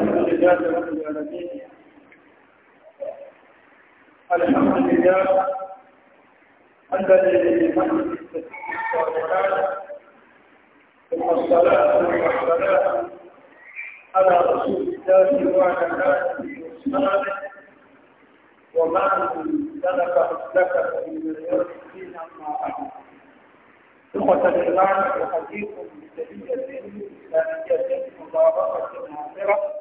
الحمد لله رب العالمين الحمد لله الذي بمحمد ثم الصلاة والسلام على رسول الله وعلى آله وصحبه ومن سلك مسلكه من يوم الدين أما بعد ثم الإيمان أحييكم بتحية الإسلامية مباركة عامرة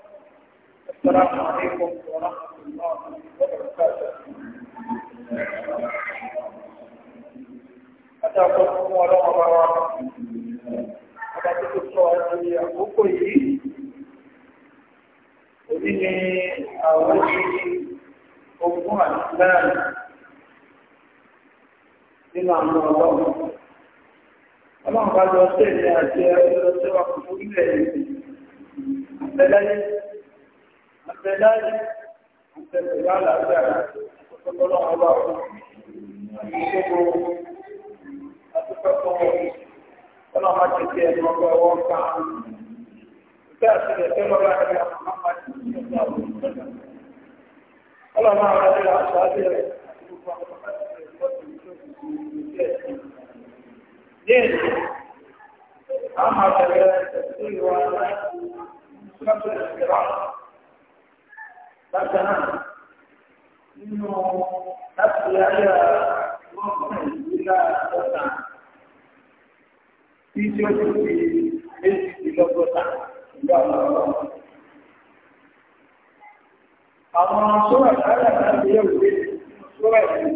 السلام عليكم ورحمة الله وبركاته Adájọ́ fún ọlọ́run bá wá, adájọ́ tó sọ ẹni àkókò yìí, èyí ni àwọn ìṣẹ́ ogún àti mẹ́rin nínú àwọn ọlọ́run. Ọlọ́run bá lọ sí ẹ̀mí àti ẹ̀rọ tí wà fún orílẹ̀-èdè. Àtẹ́lẹ́yìn àtẹ̀láyé àtẹ̀lẹ́yà àlàáfíà ọ̀pọ̀lọpọ̀ àwọn àwọn ìṣòro àtúpẹ́kọ̀ọ́ ọlọ́mọ ti di ẹni ọgbẹ́ ọwọ́ ká ìgbẹ́ àtìlẹ̀ àwọn bákan náà nínú láti ayé ọgbọ̀n ìlà ọ̀tà tí tí ó ti fi méjìdínlọ́gọ́ta ìlú àwọn ọ̀rọ̀. Àwọn sọ́rọ̀ ìdáyà náà ti yẹ òwe sọ́rọ̀ ìlú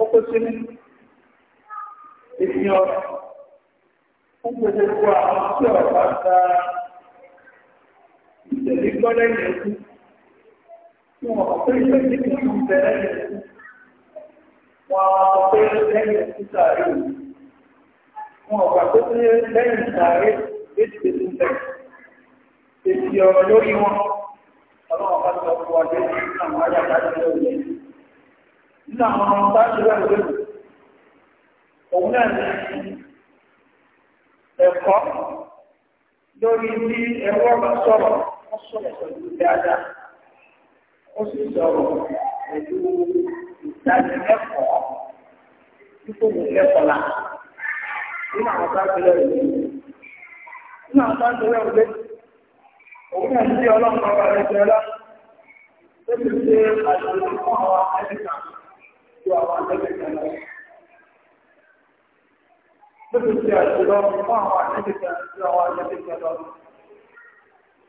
ó kó sí ní ènìyàn fún gbogbo àwọn tí ọ̀rọ̀ bá ta wọn kọ pé ilé ìdílé lẹ́yìn ìsúta rẹ̀ wọn bẹ̀rẹ̀ èsì ọ̀rọ̀ lórí wọn ọlọ́run bá sọ fún wa jẹ́ àwọn ayàtà tó nínú àwọn ọmọ bá ti rẹ̀ lórí òun náà ní ẹ̀kọ́ lórí ó sì sọ̀rọ̀ pẹ̀lú ìtajà lẹ́kọ̀ọ́ kíkó mi lẹ́kọ̀ọ́ la nínú àwọn bá gbélé rẹ̀ nínú àwọn bá gbélé rẹ̀ òun náà ti ọlọ́pàá wa rẹ̀ jẹ́ lọ́wọ́ ó ti ṣe àṣírí fún àwọn ẹ̀ẹ́dẹ́gbà tó àwọn ẹ̀ẹ́dẹ́gbà lọ. ó ti ṣe àṣírí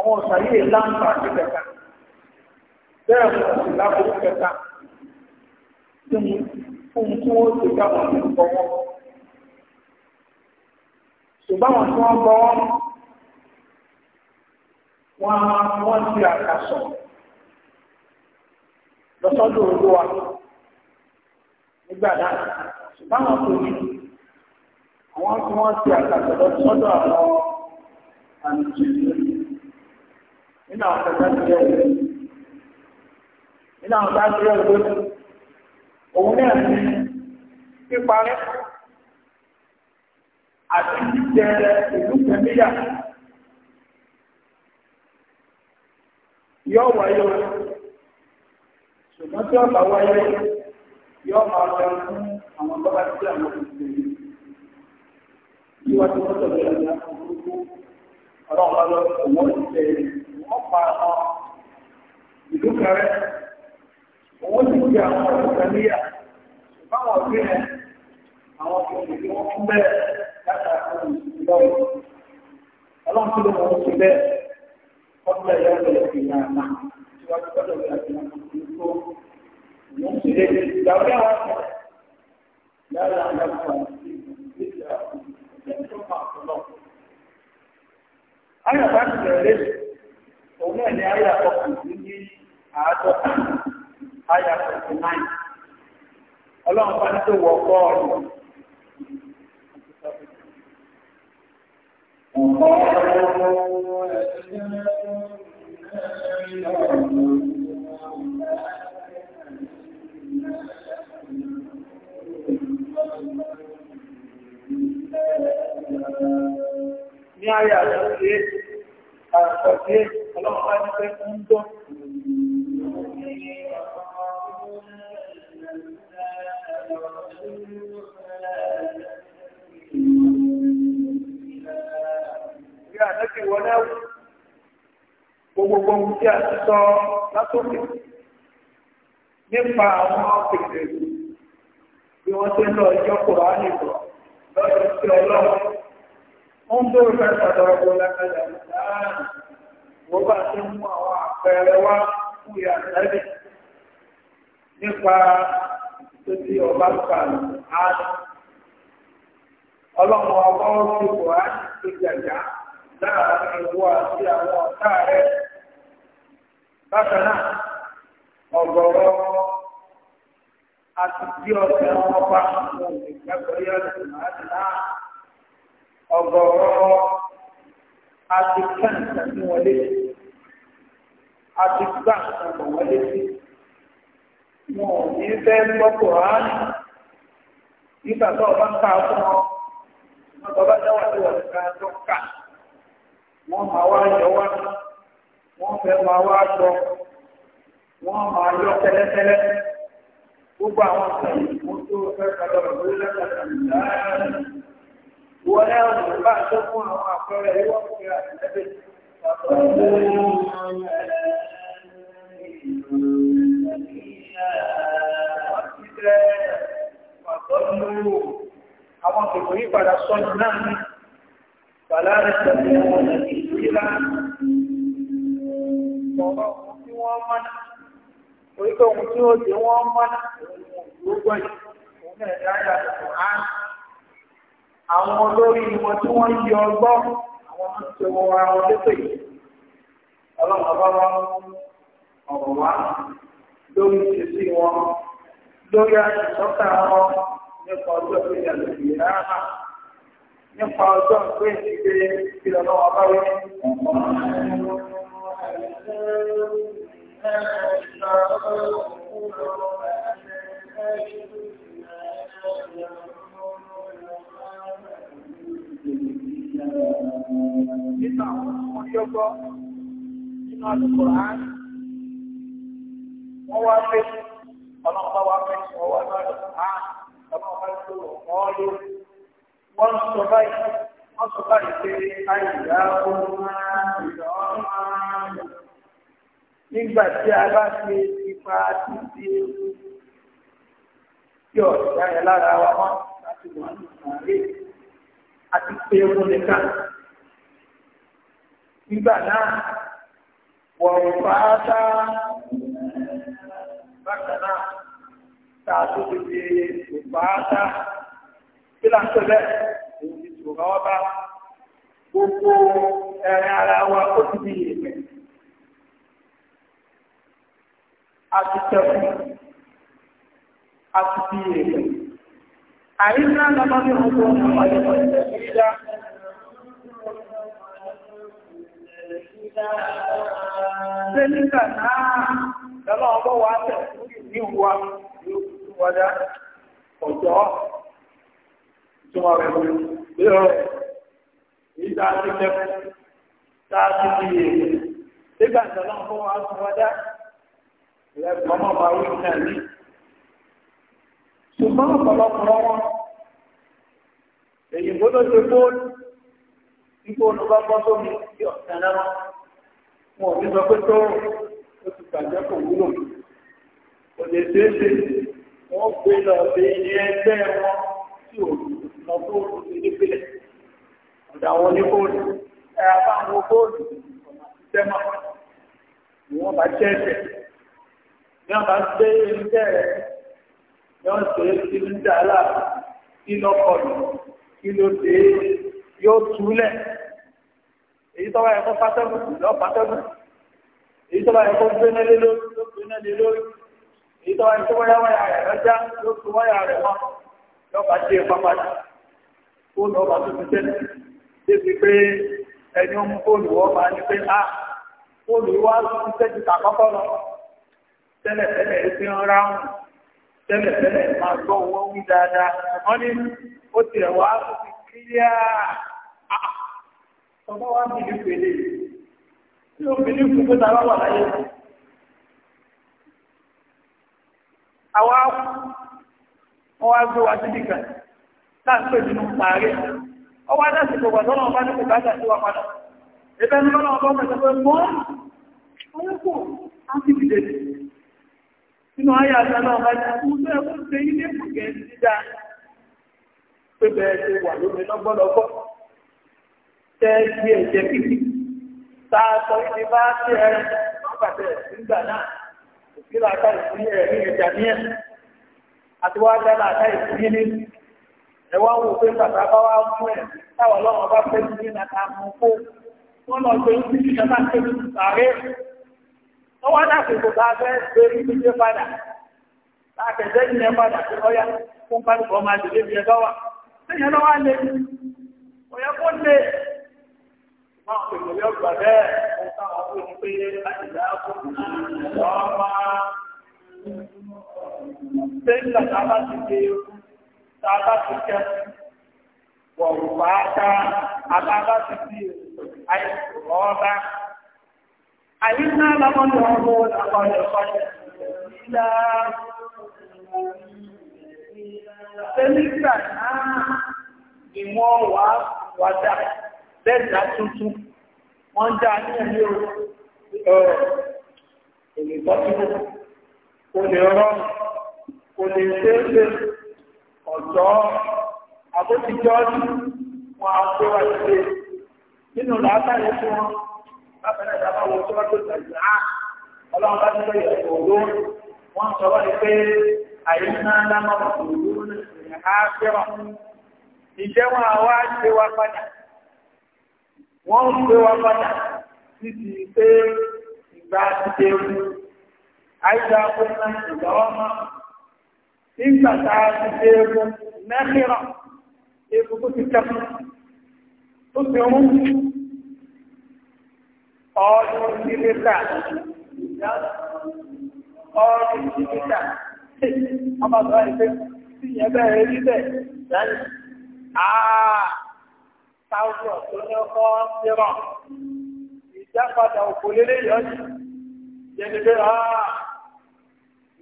àwọn ọ̀sà yìí láǹfà sí kẹta bẹ́ẹ̀ mọ̀ sí lábúrú kẹta tí mo fún tí wọ́n ti bá wọn ní bọ́wọ́ ṣùgbọ́n wọn tí wọ́n bọ́wọ́ wọn wọ́n ti àkàsọ lọ́sọ́dọ̀ olúwa nígbà náà ṣùgbọ́n wọn kò ní àwọn tí wọ́n ti àkàsọ lọ́sọ́dọ̀ àwọn àmì tuntun nínú àwọn tàbí àti ẹ̀rọ nínú àwọn tàbí ẹ̀rọ lónìí òun náà ní píparí àti jíjẹ ìlú pẹ̀lúyà yóò wáyé o ṣùgbọ́n tí ọba wáyé yóò máa lọ fún àwọn bọ́lá tí àwọn òṣìṣẹ́ yìí yíwájú mọ́tò lọ́yà ní àwọn olùkọ́ ọlọ́run bá lọ òun ọ̀pá àwọn ìlú kẹrẹ òun àwọn ọ̀dọ́ kẹlíyà báwọn ọ̀gbìn ẹ̀ àwọn ọ̀gbìn tí wọ́n fún bẹ́ẹ̀ látà lọ́wọ́ ọlọ́run tó ló wọ́n bẹ́ẹ̀ ọ̀pọ̀ ẹ̀yà ọ̀rẹ́ ìgbìmọ̀ àmà tí wọ́n gbọ́dọ̀ òun náà ní àyà ọkùnrin ní àádọ́ta àyà àpàdé ohun tí a ti sọ látòkè nípa àwọn pèsè bí wọ́n ti lọ ìjọ́kùrọ̀ á nìbọ̀ lọ́dún ọlọ́run. انظر كيف ضربوا لك الأمثال وبأسهم وأعقالوا ويا نبي نقا ọba ìbò ìwọ àti àwọn ọ̀tá rẹ̀ bákan náà ọ̀gọ̀rọ̀ àti bí ọ̀sẹ̀ bá ọ̀gọ̀rọ̀ àti kẹ́ǹtà ní wọn létí àti gbà ọ̀gọ̀ wọn létí wọn ò ní fẹ́ gbọ́ kùránì nígbà tó ọba ń ká fún ọ wọn bàbá dáwà tó wà nìkan tó kà wọn máa wá yọ wá wọn fẹ́ máa wá sọ wọn máa yọ tẹ́lẹ́tẹ́lẹ́ gbogbo àwọn kan ìmúdó fẹ́ kájọ lórí lẹ́kọ̀ọ́ wọ́n náà wọ́n bá tó fún àwọn àpẹẹrẹ ìwọ́n fi àtẹ́bẹ̀ Àwọn kòkò yí padà sọ́nù náà ní Bàlára tẹ̀lé wọn ní ìlà ọ̀rọ̀ ohun tí wọ́n mọ́nà. àwọn olórí wọn tí wọ́n yí ọgbọ́n àwọn máa ń ṣe wọn ara wọn lépè ọlọ́run ọba wa ọ̀rọ̀ wa lórí ìṣesí wọn lórí àṣìṣọ́ta wọn nípa ọjọ́ ìgbéyà lórí ìyára nípa ọjọ́ ìgbéyà ìgbéyà lọ́wọ́ bá Thank you. Nínú àwọn ọmọ tí ó gbọ́ nínú Al-Kùránì, wọ́n wá pé ọlọ́pàá wá pé ọwọ́ náà ọlọ́pàá tó wọ́n ló wọ́n sọ báyìí wọ́n sọ báyìí pé àyíká ó máa ń lọ máa ń lọ. Nígbà tí a bá ṣe ipa títí yóò dáyẹ lára wa mọ́ láti wọ́n ní àárẹ̀ àti pé ewu nìkan. Nígbà náà, wọ̀n fàátá bákan náà, tàà tó ti di fàátá. Kí là ń pè bẹ́ẹ̀? Òun ti tò rọ́ bá. Gbogbo ẹ̀rìn ara wa ó ti di ìrìn. A ti tẹ̀kùn, a ti di ìrìn àríkà lọ́nà ní ọkọ̀ ọmọ Sẹ́lítà náà lọ́nà ọgbọ́ wa tẹ̀ ní ìwà ìwọ̀dá ọ̀tọ́ ìtumọ̀ rẹ̀ mú lọ́rọ̀ ìta ti lẹ́kọ́ táàtì ti yèrè. Sígbà ìtọ́lọ́ ọgbọ́ wa tún wọ́dá ìrẹ́gbọ́n mọ́ ṣùgbọ́n ọ̀pọ̀lọpọ̀ wọn èyí gbọ́dọ̀ ṣe bóòlù ipò olùbọ́gbọ́ tó ní sí ọ̀sẹ̀ náà wọn ò ní sọ pé tó o ti gbàgbẹ́ kò wúlò kò lè ṣeé ṣe wọ́n gbé lọ sí ilé ẹgbẹ́ wọn tí ò lọ bóòlù sí nípìnlẹ̀ ọ̀dà àwọn oníbóòlù ẹ̀rọ àbáwọn bóòlù ọ̀nà sísẹ́mà ni wọ́n bá ṣẹ́ẹ̀ṣẹ̀ ní wọ́n bá ṣe ilé ẹgbẹ́ yọ́ ṣe ti ń dára kí lọ́kọ̀lù kí ló dé yóò túlẹ̀ èyí tọ́wọ́ ẹ̀kọ́ pátẹ́gùn lọ́ pátẹ́gùn èyí tọ́wọ́ ẹ̀kọ́ gbéná lé lórí ló gbéná lé lórí èyí tọ́wọ́ ẹ̀kọ́ wáyà wáyà rẹ̀ lọ́jà ló fi wáyà rẹ̀ mọ́ lọ́ba ṣe pápájá fóònù ọba tó fi tẹ́lẹ̀ débi pé ẹni ó mú fóònù wọ́n máa ní pé a ah, fóònù wá ti tẹ́jú tàkọ́kọ́ lọ tẹ́lẹ̀ tẹ́lẹ̀ èsì ń tẹ́lẹ̀tẹ́lẹ̀ máa gbọ́ owó wí dáadáa wọ́n ní ó ti ẹ̀wà ó ti kílíà ọmọ wa ń bìlí pèlè tí ó bìlí fún pé tàbá wà láyé àwa wọ́n wá gbé wa síbi kan láàpẹ nínú pààrẹ ọwọ́ adáṣe kò wà lọ́nà ọba ní kò bàtà sí wa padà ẹgbẹ́ ní lọ́nà ọba ọmọ ìṣẹ́fẹ́ mọ́ ọwọ́ kò á bìlẹ̀ nínú ayé àtàlọ́ ọba ní àkúrú ẹkú ṣe ilé ìpùgẹ́ dídá pé bẹ́ẹ̀ ṣe wà lómi lọ́gbọ́lọ́gbọ́ tẹ́ di ẹ̀jẹ̀ kíkì tá a sọ ìdí bá ṣe ẹ nígbàtẹ̀ nígbà náà òkè làákà ìpínlẹ̀ ẹ̀rí ẹ̀jà ní ẹ̀ àti wá dá làákà ìpínlẹ̀ ní ẹ wá wò pé bàbá bá wá mú ẹ táwọn ọlọ́run bá fẹ́ sí ní nàkà mú kó wọ́n lọ gbé ní ọwọ́ láti kò bá fẹ́ lórí ìdíje padà láti ẹ̀jẹ̀ ìyẹn padà sí ọyá fún kálukọ̀ ọmọ àdìlé ìyẹn lọ́wọ́ síyẹn lọ́wọ́ lè ọ̀yẹ́ kó lè máa pè lórí ọgbà bẹ́ẹ̀ mo táwọn tó ní pé láti dá fún ọmọ sẹ́yìnlá tá a bá ti dé tá a bá ti kẹ́ wọ̀rùpá ká a bá ti di àìsàn ọ̀ọ́dá àyíká lábọ́nà ọmọ àpàdé ọ̀pàdé ìlà Sẹ́lígbà náà ni wọ́n wà wádà lẹ́dà tuntun, wọ́n dá ní ẹ̀lẹ́ òní tọ́túnú, o lè rọ́, o lè ṣeéṣe, ọ̀tọ́, àbótijọ́ ọdún, nínú làátàrí fún wọn bákan náà dábàá wo tó bá tó tẹ̀lé á ah, ọlọ́run bá tó tẹ̀lé ẹ̀kọ́ òdó wọ́n sọ wọ́n ní pé àyè náà lámà òdó á fẹ́ràn ìjẹ́ wọn àwa ṣe wá padà wọ́n ń gbé wá padà títí pé ìgbà ti dé wù àìsà àkókò ìgbà wọn máa nígbà tá a ti dé tó ti kẹ́kọ̀ọ́ tó ti rún. ọdụ mílíta taa, mílíta ọmọ dị wáyé pé tí ìyẹn bẹ̀rẹ̀ rí bẹ̀ lẹ́yìn àà táwọn tó ní ọkọ̀ ṣẹ́rọ̀ ìjápadà òkò lélẹ̀ taa yẹni pé àà ah,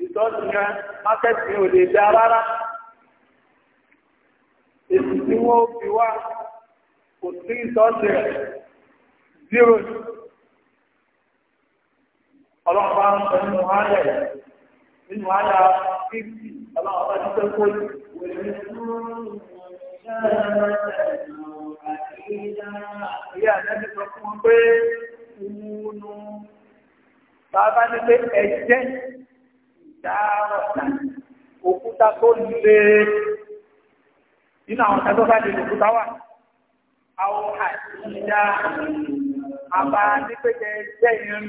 ìtọ́jú yẹn mákẹ́tì ò lè dá rárá èsì tí wọ́n fi wá kò sí ìtọ́jú rẹ̀ zero ọlọ́run bá ń sọ nínú ayẹ̀ nínú ayà fífì ọlọ́run bá ti tẹ́kọ̀ọ́ ìwé ìyá àdájọ́ sọ fún wọn pé wúnú bàbá ní pé ẹ̀jẹ̀ ìdáàrọ̀ta òkúta tó lè nínú àwọn ọ̀tá tó bá lè lòkúta wà àwọn àti ìdá àbá ní pé ẹ̀jẹ̀ ìrìn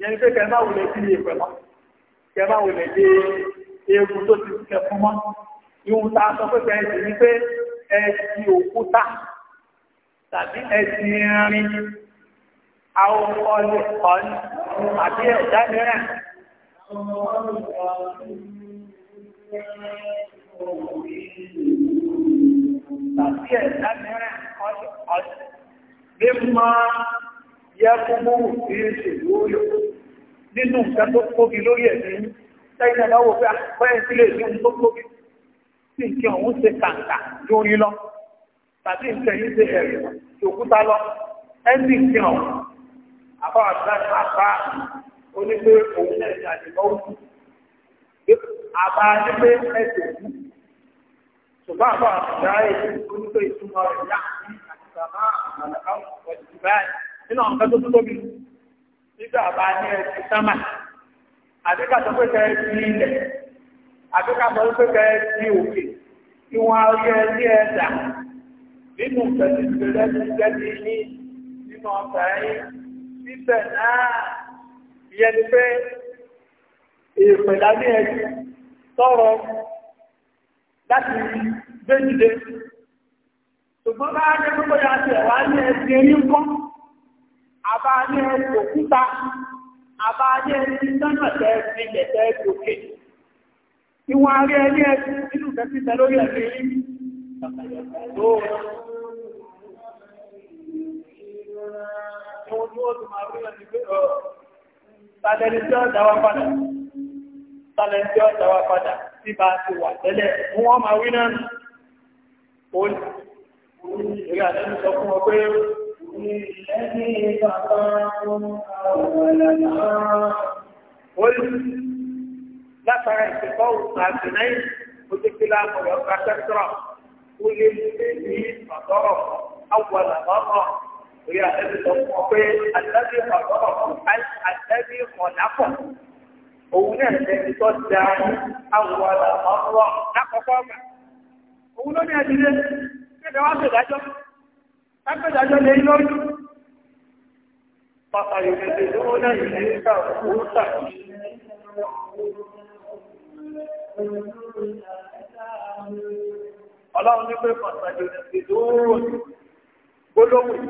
yẹn pé kẹ máa sí ìpẹ̀ mọ́ kẹ máa dé eegun tó ti kẹ fún mọ́ ihun ta sọ pé kẹ ẹsì ní pé ẹsì òkúta tàbí ẹsì irin àwọn ọlẹ ọlẹ ẹ̀dá mìíràn. Tàbí ẹ̀dá mìíràn ọlẹ Mímọ́ yá kúrú sí ìṣèlú yóò nínú nǹkan tó kóbi lórí ẹ̀mí tẹ́yìn náà wò pé àpẹẹrẹ sílé ìlú tó kóbi tí nǹkan ọ̀hún ṣe kàǹkà lórí lọ tàbí nǹkan yìí ṣe ẹ̀rì òkúta lọ ẹni nǹkan ọ̀hún àbá àbá onígbé òun náà nínú àwọn kan tó tó tóbi nígbà bá ní ẹ̀sìn sámà àbíkà sọ pé kẹ́ ti ilẹ̀ àbíkà sọ pé kẹ́ ti òkè kí wọ́n rí ẹ ní ẹ̀dà nínú ìfẹ̀sì ìgbèrè ti jẹ́ ti ní nínú ọ̀sẹ̀ yìí síbẹ̀ náà ìyẹn ni pé èèpẹ̀dá ní ẹ̀sìn tọrọ láti gbé dìde ṣùgbọ́n bá jẹ́ pípọ̀ yà ti ẹ̀wà ní ẹ̀sìn ẹ̀yìn kan àbá ní òkúta àbá ní ẹni sánà tẹ́ fi lẹ̀tẹ́ gòkè ìwọ̀n arí ẹni ẹ̀sùn nínú tẹ́síta lórí ẹ̀mí Tàlẹ́ni tí ó dáwà padà, tàlẹ́ni tí ó dáwà padà, tí bá ti wà tẹ́lẹ̀, wọ́n máa wí náà, ó ní, ìrìn àdẹ́ni sọ fún ọ pé للذي فطرهم أول مرة قل ذكر التقوى أثنين وذكر الأمر وكثرة قل للذي فطرهم أول مرة ويا ابن الذي خلقكم هل الذي خلقكم òun náà lẹ́ni tó da àwọn ọ̀rọ̀ lákọ̀ọ́kọ́ ọ̀gbà òun ló ní ẹ̀dínlẹ́ nígbà wá sí ìdájọ́ lápẹ́dájọ́ lè lọ́jú pàtàkì ìrẹsẹ̀ tó ó lẹ́yìn ní ìta òkúta ọlọ́run ní pé pàtàkì ìrẹsẹ̀ tó ó gbólóhùn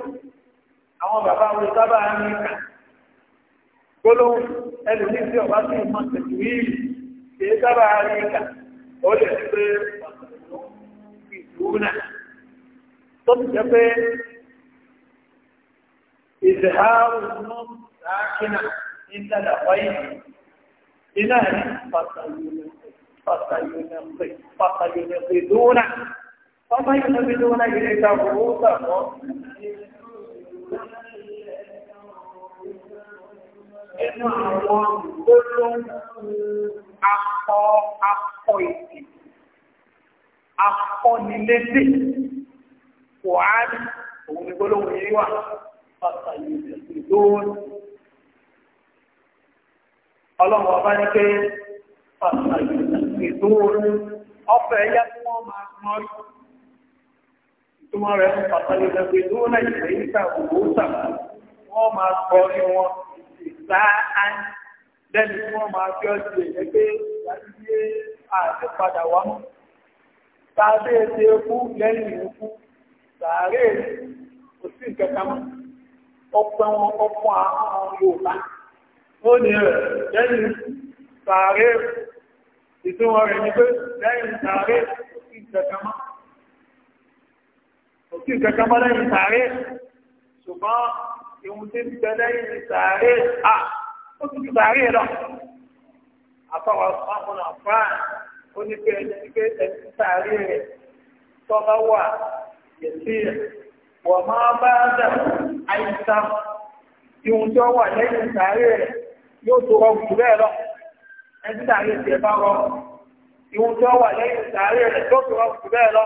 àwọn bàbá wọn sábà ń rí kà gbólóhùn ẹlù ní sí ọ̀bá sí ìmọ̀ tẹ̀lú tó ti jẹ́ pé إظهار النوم ساكنة إن لغير إله فسينقذون ينقضون إليك رؤوسهم إن الله كل akọ akọ ìsìn akọnilédè kò á ní ọlọ́run ọba ní pé ìdúró ọfẹ́ yá tí wọ́n máa mọ́ ìtumọ̀ rẹ̀ ń pàtàkì lẹ́gbẹ̀ẹ́ ìdúró náà ìrẹ̀ ìta òwò sàmà wọ́n máa kọ́ ní wọn ìsáà lẹ́nu tí wọ́n máa fi ọjọ́ ìrẹ́gbẹ́ láti àti padà wá mọ́ tàbí ètò ikú lẹ́yìn ikú tààrí òsì ìkẹta mọ́ ọpẹ́ wọn ọpọ́ àwọn Yorùbá ó ní rẹ̀ lẹ́yìn sàárè ìtumọ̀ rẹ̀ ní pé lẹ́yìn sàárè òkè ìjẹkàmá òkè ìjẹkàmá lẹ́yìn sàárè ṣùgbọ́n ìhun tí ń bẹ lẹ́yìn sàárè à ó ti ju sàárè lọ àfọwọ́ àwọn àfáà ó ní pé ẹni tí sàárè rẹ̀ tọ́ bá wà yẹ̀ sí rẹ̀ wọ́n máa bá dẹ̀ àìsàn tí ohun tó wà lẹ́yìn sàárè rẹ̀ yóò tó rọrùn jù bẹ́ẹ̀ lọ ẹni sàárè tiẹ̀ bá rọrùn ìwọ̀n tó wà lẹ́yìn sàárè rẹ̀ yóò tó rọrùn jù bẹ́ẹ̀ lọ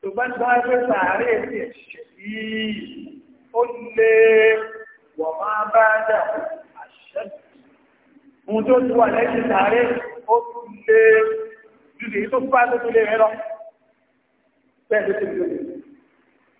ṣùgbọ́n tí wọ́n fẹ́ sàárè tiẹ̀ yìí ó lé wọ́n máa bá dẹ̀ àṣẹ ohun tó ti wà lẹ́yìn sàárè ó lé ju èyí tó bá tó lé rẹ lọ bẹ́ẹ̀ ló ti lè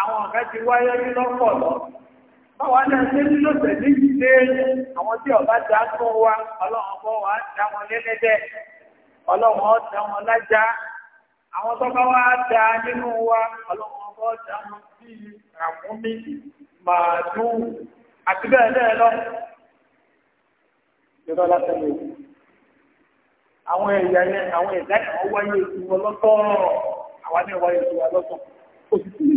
àwọn ọ̀gá ti wáyé rí lọ́pọ̀ lọ. Báwa náà ṣe ní lọ́sẹ̀ méjì lé àwọn tí ọba já tó wa, ọlọ́run bọ́ wa dá wọn lẹ́lẹ́dẹ̀, ọlọ́run ó dá wọn lájá. Àwọn tó bá wá dá nínú wa, ọlọ́run bọ́ dá wọn sí ràmúmí, màálù, àti bẹ́ẹ̀ bẹ́ẹ̀ lọ. Ìrọ̀ lásán ni àwọn ẹ̀yà yẹn, àwọn ẹ̀dá kan wáyé ìtumọ̀ lọ́tọ̀ọ̀rọ̀, àwa náà wáyé ìtumọ̀ lọ́tọ̀ọ̀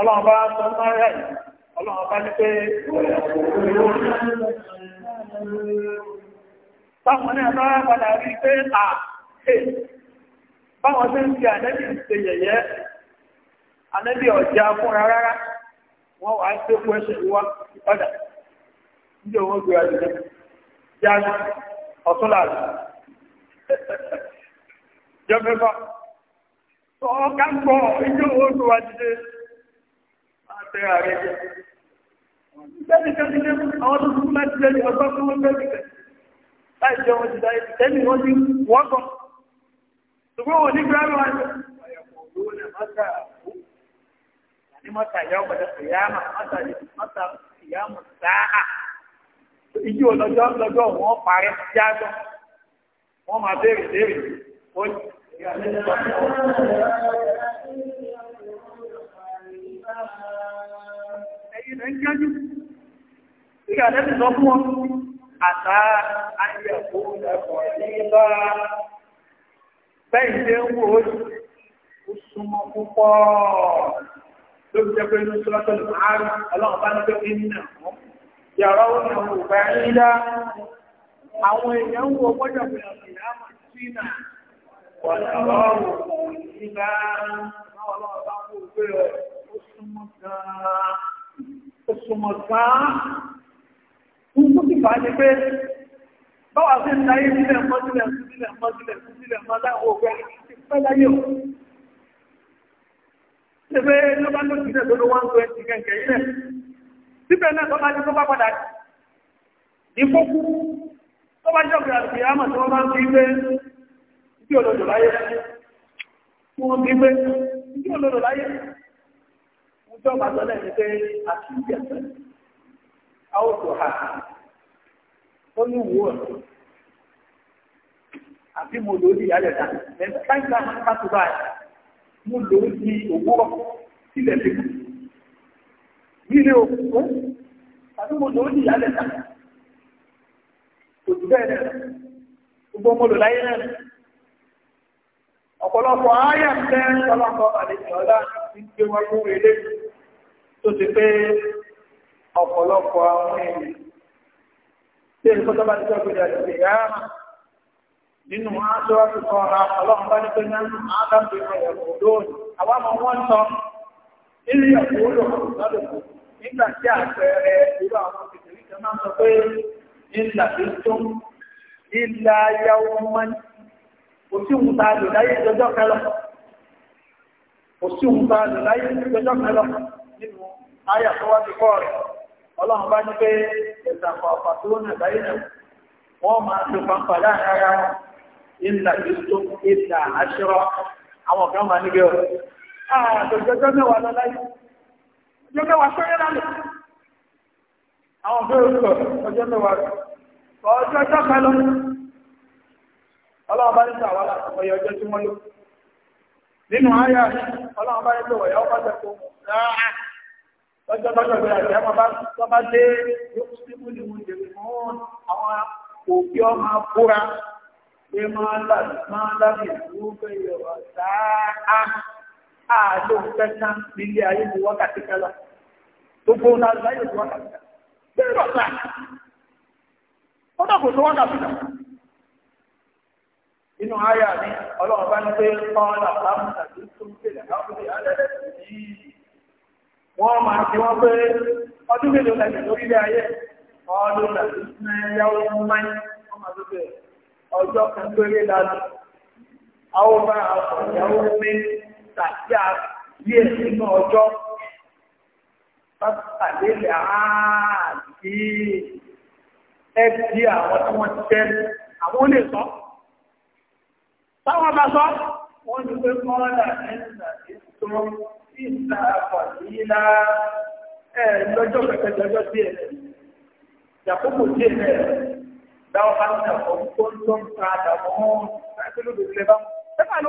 ọlọ́run bá sọ náírà yìí ọlọ́run bá ní pé wọ́n wà ṣe fún ní òun gbé àjẹ́ jáde ọ̀tún láàrín jọ mẹ́fà ọ̀ọ́ká ń gbọ́ tẹ́ra rẹ̀ jẹ́. Ìgbẹ́nìkan ti lé àwọn tó kú láti lẹ́yìn ọgbọ́n tó wọ́n bẹ́ẹ̀ bẹ̀rẹ̀. Láì jẹ́ wọn ti dá ibi tẹ́lì wọ́n ti wọ́n kọ̀. Ṣùgbọ́n wọn ní gíráàmù wa jẹ́. Ní mọ́ta ìyá ọ̀gbọ̀dọ̀ ìyáàmà, mọ́ta ìyáàmù sáà. Ìjú ọlọ́jọ́ lọ́jọ́ wọn parẹ́ sí àjọ. Wọ́n máa Ẹ̀yìn rẹ̀ ń jájú. Ìgbà lẹ́bí sọ fún wọn, àtà ayẹ̀kú ẹ̀kọ́ ní bá bẹ́yìn tẹ́ ń wò ó súnmọ́ púpọ̀. Lóbi jẹ́ pé inú sọ́lọ́tọ̀ lè máa rí ọlọ́run bá ní pé kí nínú ẹ̀kọ́. Yàrá ó ní ọmọ òbá ń dá. Àwọn èèyàn ń wo gbọ́dọ̀ súnmọ̀ gáà ń kú sí bàá ní pé báwà sí ìdáyé sílẹ̀ mọ́sílẹ̀ sílẹ̀ mọ́sílẹ̀ sílẹ̀ mọ́láwọ̀ ọ̀gbẹ́ ti pẹ́ láyé ò ṣe pé ló bá ló sílẹ̀ tó ló wá ń tó ẹ̀sìn kẹ̀kẹ́ ilẹ̀ síbẹ̀ náà tó bá ní tó bá padà ní kókú tó bá jọ́ gbìyànjú ìyámọ̀ tó bá ń tí ọba sọ náà ni pé àtúntì ẹ̀sẹ̀ ha ó ní wù ọ́ àti mo lò ó di ìyálẹ̀ dá ẹ̀ báyìí mo lò ó di sílẹ̀ lè àti mo lò ó di ìyálẹ̀ dá bẹ́ẹ̀ gbogbo mo lò láyé ọ̀pọ̀lọpọ̀ ń bẹ́ẹ̀ ti ń gbé tó ti pé ọ̀pọ̀lọpọ̀ àwọn èèyàn tí èyí kọ́tọ́ bá ti jẹ́ ògbèdè àti ìyá nínú aṣọ́wájú kan ra ọlọ́run bá ní pé náà ádámù ìwọ̀n ẹ̀kọ́ lóòrùn àwọn ọmọ wọn sọ nílé ẹ̀kọ́ olóòrùn lọ́dọ̀kọ́ nígbà tí àpẹẹrẹ irú àwọn kìtìrí kan máa ń sọ pé nígbà tí tó ń ayáwó wọn kò sí òun ta lò láyé ìjọjọ́ kẹlọ kò sí òun ta lò láyé ìjọjọ́ kẹlọ nínú ayà tó wá ti kọ́ rẹ̀ ọlọ́run bá ní pé ìtàkọ̀ pàtónà báyìí náà wọ́n máa ti pàpà láàrin ara wọn ìlà tó ìlà àṣírọ́ àwọn kan máa nínú ayá ọlọ́run bá yẹ pé wọ̀yá ọkọ̀ tẹ̀kọ́ ráà lọ́jọ́ lọ́jọ́ bí àti ẹmọ bá tọ́ bá dé yóò síbú ni mo jẹ̀ fún àwọn òbí ọmọ akúra pé máa lábì máa lábì lóògbé ìrọ̀wà sáà àádó kẹta nílé ayé ti wákàtí kẹlọ gbogbo náà láyé ti wákàtí kẹlọ bẹ́ẹ̀ lọ́sà ó dàgbò tó wákàtí kẹlọ nínú àyà ni ọlọ́run bá ń gbé kọ́ńdà pàmò tàbí tó ń gbèlè káfíńtì alẹ́lẹ́ sí i. wọ́n máa ti wọ́n pé ọdún mélòó lẹ́yìn lórílẹ̀ ayé ọdún tàbí mẹ́yàwó máyì wọ́n máa tó bẹ̀ ọjọ́ kan péré lánàá. àwọn bá àkọ̀yàwó mi tàbí àbíyè nínú ọjọ́ pàtàkì lè àádìí ẹ di àwọn tí wọ́n ti tẹ́ àwọn ó lè sọ. táwọn bá sọ wọ́n ti pé mọ́ọ́lá ẹ̀ńdà ètò ìta àpàdílá ẹ̀ lọ́jọ́ pẹ̀pẹ̀jọ́jọ́ díẹ̀ yàkókò díẹ̀ rẹ̀ dáwọ́ bá ń dàpọ̀ tó ń ta àdàmọ́ láti lóde ìlẹ̀ bá ẹ̀fà ni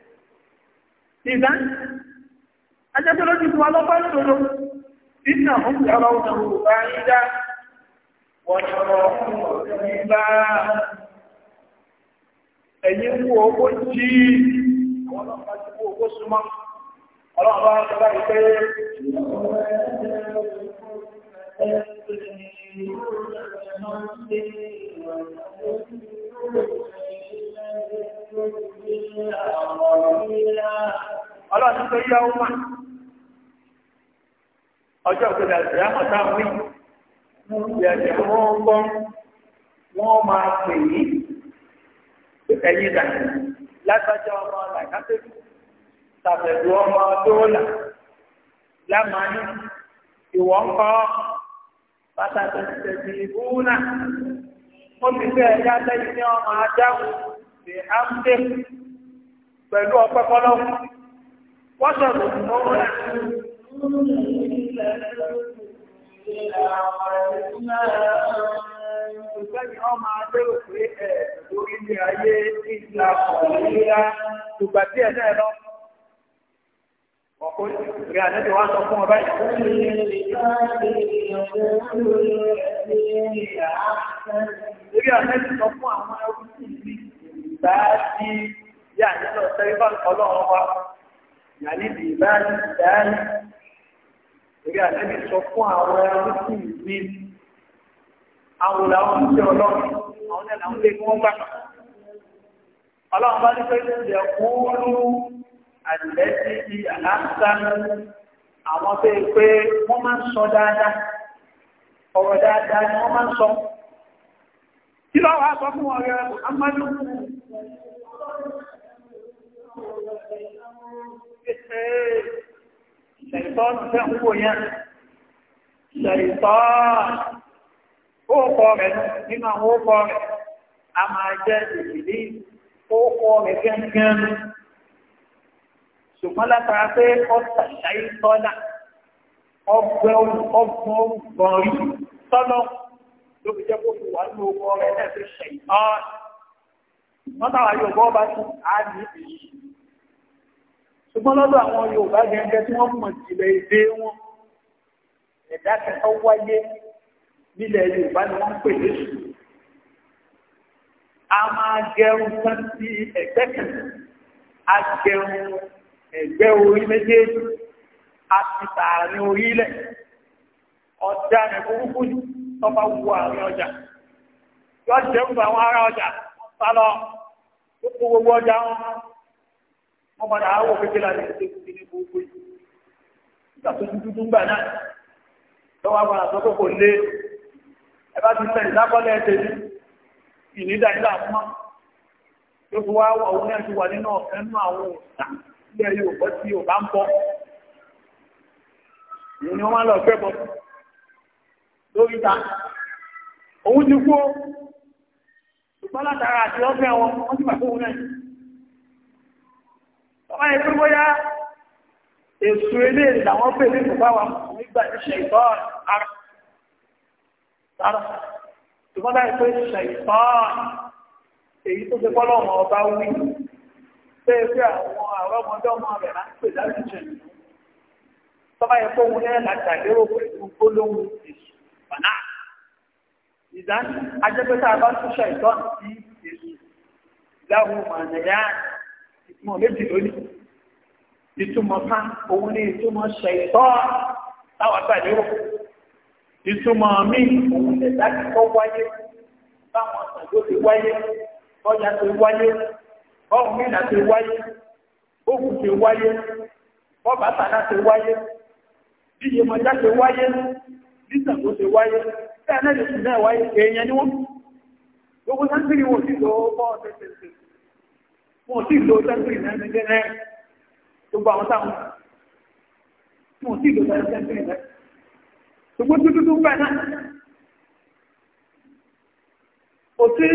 ìdá ajẹ́pẹ́ ló ti fún ọlọ́pàá ìṣòro ìdá ó ti ọ̀rọ̀ ọ̀nà òwúrọ̀ ìdá wọ́n yọ̀rọ̀ ìgbà ẹ̀yìn wú owó jí Ọlọ́run tó yá ọmọ ọjọ́ ìpínlẹ̀ ìyámọ̀ táwọn ní ìyàjẹ̀ wọ́n ń gbọ́ wọ́n máa pè yí ẹ̀yìn ìdà lágbájá ọmọ làkàtẹ́kù tàbẹ̀dù ọmọ tóólà lámàání ìwọ̀ ń kọ́ pàtàkì tẹ̀sí ìbúnà ó ti fẹ́ ẹ̀yà lẹ́yìn ní ọmọ bí a ń dé pẹ̀lú ọpẹ́ kọ́lọ́ wọ́n sọ̀rọ̀ lọ́wọ́ rẹ̀. Ìgbẹ́ni ọmọ adéró pé ẹ̀ lórí ilé ayé ìgbà ọ̀rẹ́lá ṣùgbà tí ẹ̀ náà lọ. Ọ̀pọ̀ wá sọ fún ọba Orí sọ fún àwọn ìlú. ìbáàdì yà nílò sẹ́rífà ọlọ́run wa yà níbi ìbáàdì ìdáàdì èyí àtẹ́bí sọ fún àwọn mi àwọn làwọn ń ọlọ́run àwọn náà làwọn lè ọlọ́run bá ní pé ìjẹ kúrú ti àlàáfíà àwọn pé wọ́n máa ń sọ dáadáa ọ̀rọ̀ dáadáa Ṣẹ̀tọ́n fẹ́ ń yẹn. Ṣẹ̀tọ́n ó kọ rẹ̀ nínú àwọn ó kọ rẹ̀. A máa jẹ́ ìdílé ó kọ rẹ̀ gẹ́gẹ́ ṣùgbọ́n látara pé ọ̀sà ṣáyé tọ́lá ọgbọ́n gbọ̀nrí tọ́lọ́ ló jẹ́ kó fi wà ní owó ọ̀rẹ́ náà fi ṣẹ̀yìn wọ́n táwà Yorùbá ọba tún á ní ìbìyí ṣùgbọ́n lọ́dọ̀ àwọn Yorùbá gẹ́gẹ́ tí wọ́n mọ̀ jìlẹ̀ èdè wọn ẹ̀dá kẹta wáyé nílẹ̀ Yorùbá ni wọ́n pè lésù a máa gẹrun kan sí ẹ̀gbẹ́ kan a gẹrun ẹ̀gbẹ́ orí méjèèjì a ti tààrin orílẹ̀ ọjà rẹ̀ burúkú tọ́ba wu àwọn ọjà yọ jẹun àwọn ará ọjà sálọ gbogbo gbogbo ọjà wọn wọn padà áwọ kékeré àti ìdílé kùtì ní gbogbo yìí nígbà tó dúdú tó ń gbà náà lọ́wọ́ agbára tó kò lé ẹ bá ti sẹ́yìn lákọ́lẹ̀ ẹ̀sẹ̀ ní ìnídà nígbà fún tó fi wá wà òun náà ti wà nínú ẹnu àwọn òòtà ilé Yorùbá tí Yorùbá ń bọ ìyẹn ni wọ́n máa lọ fẹ́ bọ lórí ta òun ti kú tọ́látara ọmọ yẹn bóyá èsù ilé ìlàwọ́n pè ní bàbá wa nígbà ìṣẹ̀ ìtọ́ ara sára ṣùgbọ́n ìṣẹ̀ ìtọ́ èyí tó ti kọ́lọ̀ wọn ọba wí pé pé àwọn àwọn ọmọ rẹ̀ máa pè láti jẹ̀ ìdán ajẹ́pẹ́tà bá túnṣà ìtọ́n sí èsù láwọn mànàyà ìtumọ̀ méjì lónìí ìtumọ̀ kan òun ní ìtumọ̀ ṣẹ̀tọ́ táwọn àgbàlérò ìtumọ̀ mi òun lè dájú kọ́ wáyé báwọn ọ̀sán tó ti wáyé bọ́yá ti wáyé bọ́ọ̀hún mìíràn ti wáyé bóògùn ti wáyé bọ́ọ̀bá tàná ti wáyé bíyẹmọjá ti wáyé bísàn tó ti wáyé. Bẹ́ẹ̀ lè ṣùgbẹ́ ìwà èèyàn ni wọ́n. Gbogbo sáńtìrì wọ́n sí lọ bọ́ ọ̀tẹ́sẹ̀sẹ̀. Wọ́n sí lọ sáńtìrì mẹ́rin jẹ́ rẹ̀. Gbogbo àwọn táwọn. Wọ́n sí lọ sáńtìrì rẹ̀. Gbogbo tuntun tó náà. Kò sí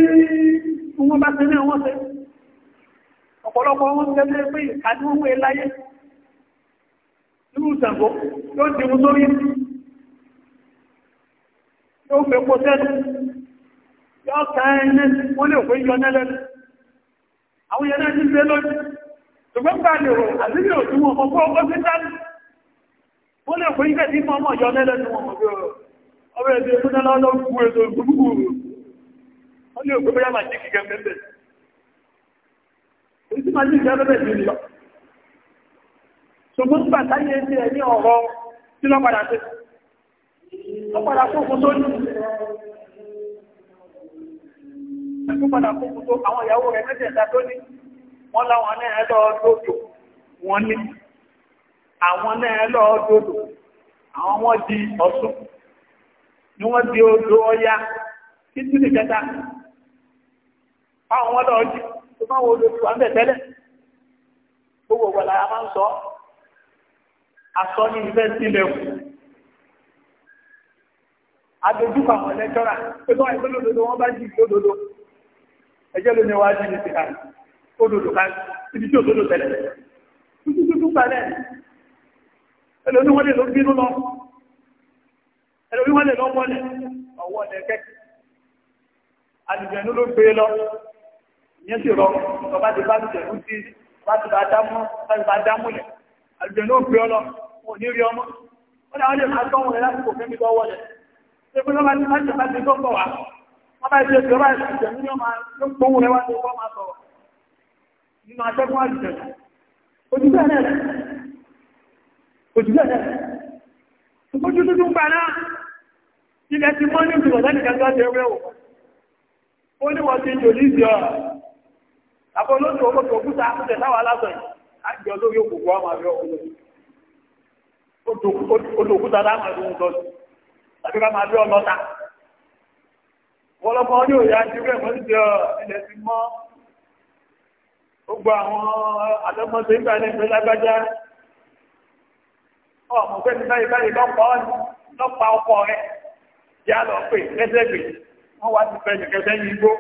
wọ́n bá tẹ́lẹ̀ wọ́n tẹ́ fèpo tẹ́lú yọ́ tẹ́ẹ̀ẹ́nẹ́ wọ́n lè fún yọ́nẹ́ àwọn yẹnẹ́ ti fẹ́ lójú ṣùgbọ́n gbà lè rò wọn ọgbọ́ ọgbọ́ wọ́n lè fún ìgbẹ̀ tí mọ́ mọ́ yọ́nẹ́ ẹ̀tún padà kókù tó àwọn ìyàwó rẹ̀ mẹ́tẹ̀ẹ̀ta tó ní wọ́n láwọn náà ẹlọ́ọ̀dọ́dọ̀ wọ́n ní àwọn náà ẹlọ́ọ̀dọ́dọ̀ àwọn wọ́n di ọ̀ṣun ni wọ́n di odò ọya títí ní kẹta àwọn àdójúkọ àwọn lẹ́tọ́rà pé tó àìsọ́ lódodo wọ́n bá jìbì lódodo ẹjẹ́ ló ní wá jìbì sí káàkiri òdodo káàkiri ibi tí òdodo tẹ̀lẹ̀ tútù tútù parẹ́ ẹlòmí wọ́n lè ló bínú lọ ẹlòmí wọ́n lè lọ mọ́lẹ̀ ọwọ́ lẹ́kẹ́ alùjẹ̀nú ló gbé lọ ìyẹn sì rọ ọba ti bá lùjẹ̀nú sí bá ti bá dámúlẹ̀ alùjẹ̀nú gbé ọlọ òní rí ọmọ wọ́n lè máa tọ́wọ́ rẹ̀ lásìkò fẹ́mi lọ́wọ́ rẹ̀ Ṣébí ló máa Ilẹ̀ ti mọ́ ní ìjùbọ̀ lẹ́nu kẹta ti ẹwẹ́ wò. Ó ní wọ́n ti ń jòlí ìjọ. Àbọ̀ olóṣù owó tó kúta àkútẹ̀ láwọn aláṣọ yìí. Á òkùnkùn ọmọ ọkùnrin. Ó dòkúta láwọn ẹ̀dùn ń tọ́jú àti ká máa bí ọlọ́ta. Wọ́lọ́pọ̀ ní òyà ti rẹ̀ mọ́ sí uh, ilẹ̀ ti mọ́. Gbogbo àwọn uh, àtọ́gbọ́n tó ń gbà ní ìpínlẹ̀ agbájá. Ọmọ pẹ́ ti báyìí báyìí lọ́pàá ọkọ̀ rẹ̀. Yá lọ pè lẹ́sẹ̀ pè. Wọ́n wá ti fẹ́ jẹ̀kẹ́sẹ́ yìí gbó.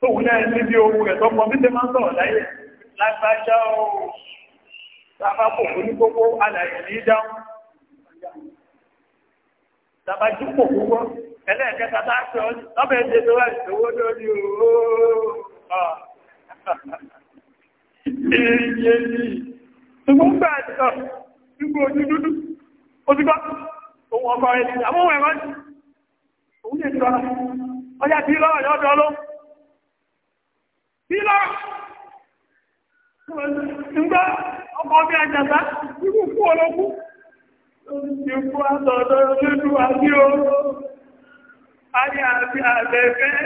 Tóun náà níbi ohun rẹ̀ tọ́pọ̀ bí ṣe máa ń sọ̀rọ̀ láyé. Lágbájá o. Sábà kò ní gbogbo alàyè ní dáhùn ta tàbájú pò púpọ̀ ẹlẹ́ẹ̀kẹta tá a pè ọ́ lọ́bẹ̀ ń dèdè wá ìṣòwò lórí ooo ìrìnyé ní ṣùgbọ́n gbà àtìkọ́ nígbò ojú dúdú ojúgbọ́ òun ọkọ̀ rẹ̀ ní àmúhùn ẹ̀rọ ní òun lè tọ́ra ọjà tí lọ́rọ̀ yọ́dọ̀ ló tí lọ́rọ̀ nígbà ọkọ̀ ọbẹ̀ àjàgbá nígbò kú olókú Ikú àtọ̀dọ̀ lójú wa ní o. A ní àti àbẹ̀fẹ́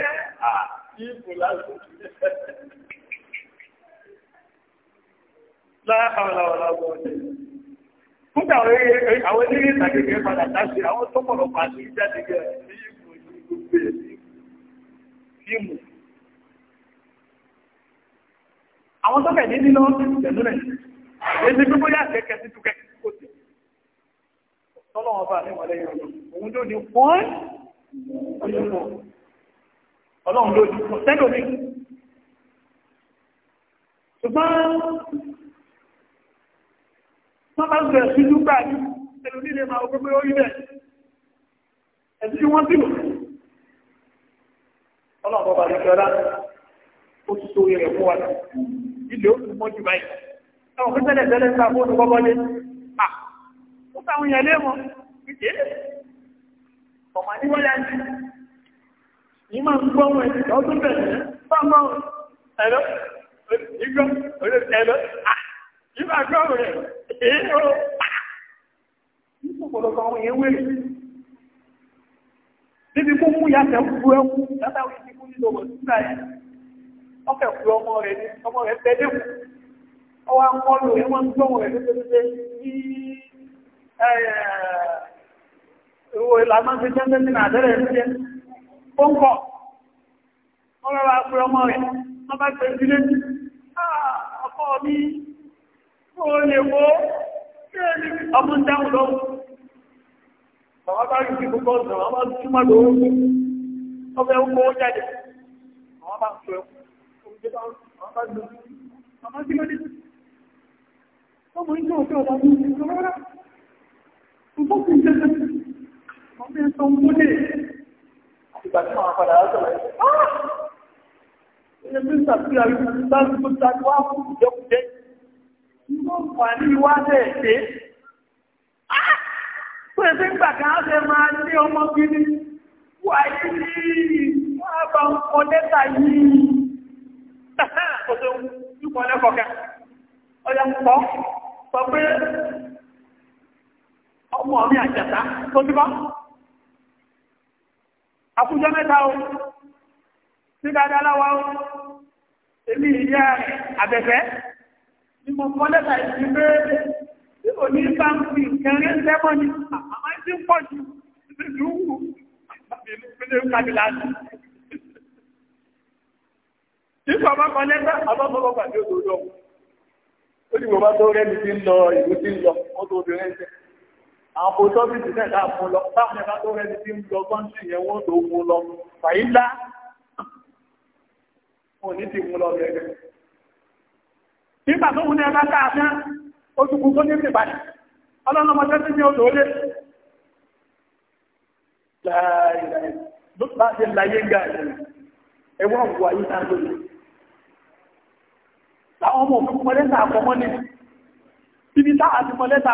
ìbò láti. Láàrín àwọn ọ̀làwọ̀ ọ̀dẹ̀. Fúnjà àwọn ilé ìtàgẹ̀gẹ̀ padà dáṣe àwọn tó pọ̀lọ̀ pàṣẹ ìjáde gẹ̀ sí ìbò ní gbogbo ẹ̀ sí ìmù. Àwọn tó kẹ̀ ní nínú ọ̀sẹ̀ ìjẹ̀ lónìí. Èdè gbogbo yà kẹ́kẹ́ sí túkẹ́ kò sí tọ́lọ́wọ́n bá ní wọlé yọrọ òun ló ní fún ọjọ́pọ̀ ọlọ́run ló fún tẹ́lómi ṣùgbọ́n wọ́n bá bẹ̀rẹ̀ sí lúgbà ní tẹ́lómi lè máa gbogbo orí ẹ̀sí wọ́n dìbò ọlọ́run bá ní kẹ́lá táwọn èèyàn lé mọ́ ìdílé ọmọ níwọ́lẹ̀ ní ní máa ń gbọ́ wọn ẹ̀sìn ọdún bẹ̀rẹ̀ fáwọn ẹ̀rọ ìgbọ́ ẹ̀rọ ìgbà gbọ́ rẹ̀ èyí ó ìpòpòlọpọ̀ àwọn èèyàn wéèrè níbi kó mú yàtẹ̀ fú ẹkú látàwọn ìdíkú nílò wọ̀ síta ẹ̀ ọkẹ̀ fú ọmọ rẹ̀ ní ọmọ rẹ̀ tẹ́lẹ̀ ọwọ́ akọ́lù ẹ̀wọ̀n gbọ́ wọn rẹ̀ lóṣèlú ìwò ìlànà ti jẹ́ mẹ́rin àdẹ́rẹ̀ ìrújẹ́ ó ń kọ́ wọ́n rẹ̀ wá pé ọmọ rẹ̀ wọ́n bá pẹ̀ sílé ọkọ̀ mi ó lè wó ọmọ ń dáhùn lọ́wọ́ bàbá bá rí sí ọmọ ọmọ ọmọ Ìgbókùn jẹ́ ọmọ ẹ̀sọ́ múlé. Àtìgbà tí wọ́n padà sọ̀rọ̀ ẹ̀. Ilé mínísà tí a rí ti dájú tó dájú wá fún ìjọkùjẹ́. Ìgbó wà ní iwájẹ́ ẹ̀ṣẹ́. Tó ẹ̀ṣẹ́ ń gbà kan á fẹ́ máa ní ọmọ sọ pé ọmọ mi àjàtá tó ti bá àkújọ mẹ́ta o sí dáadáa láwa o èmi ìyá àbẹ̀fẹ́ ni mo mọ́ lẹ́ta ìsìn bẹ́ẹ̀ tí ò ní bá ń fi nǹkan rí lẹ́mọ́ ni àmọ́ ti ń pọ̀ jù nínú wù nínú kábílà sí. Nípa ọba kan lẹ́gbẹ́, ọba kan lọ́gbà tí ó tó lọ. Ó ní mo bá tó rẹ́ni tí ń lọ ìlú tí ń lọ, ó tó obìnrin ṣe àwọn fòtọ́bìsì tẹ́ta fún lọ táwọn ẹ̀bá tó rẹ̀ ti ń lọ kọ́ńtì yẹn wọ́n tó mú lọ fàyílá wọn ní ti mú lọ bẹ̀rẹ̀ nígbà tó wù ní ẹ̀bá káàkiri oṣù kú tó ní ìbàdàn ọlọ́run ọmọ tẹ́tí ní oṣù olè láàrín láyé gbà ẹwọ́n wù ayé náà lónìí láwọn ọmọ òfin mọ́lẹ́ta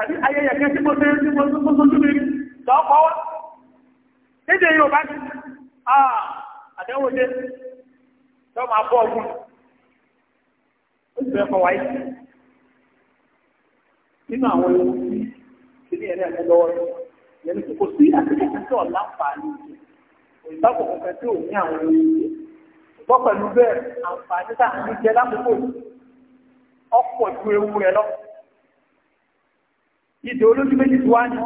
àbí ayẹyẹ kẹ́ tí mo fẹ́ tí mo tó sójú mi lọ́pọ̀ wá nídìí yóò bá ti àà àdẹ́wò dé tó máa bọ́ ọdún ó sì fẹ́ kọ wáyé nínú àwọn ewu tí kìíní ẹ̀rẹ́ ẹ̀mí lọ́wọ́ rẹ̀ yẹn kò sí àtìkẹ́kẹ́ tí ọ̀la ń fà ní ìjẹ́ òyìnbáko kankan tí ò ní àwọn ewu ìjẹ́ ṣùgbọ́n pẹ̀lú bẹ́ẹ̀ àǹfààní tá à ń jẹ lákòókò ọ̀pọ̀ ju ewu rẹ̀ lọ́wọ́ ìdè olójú méjì ti wá ní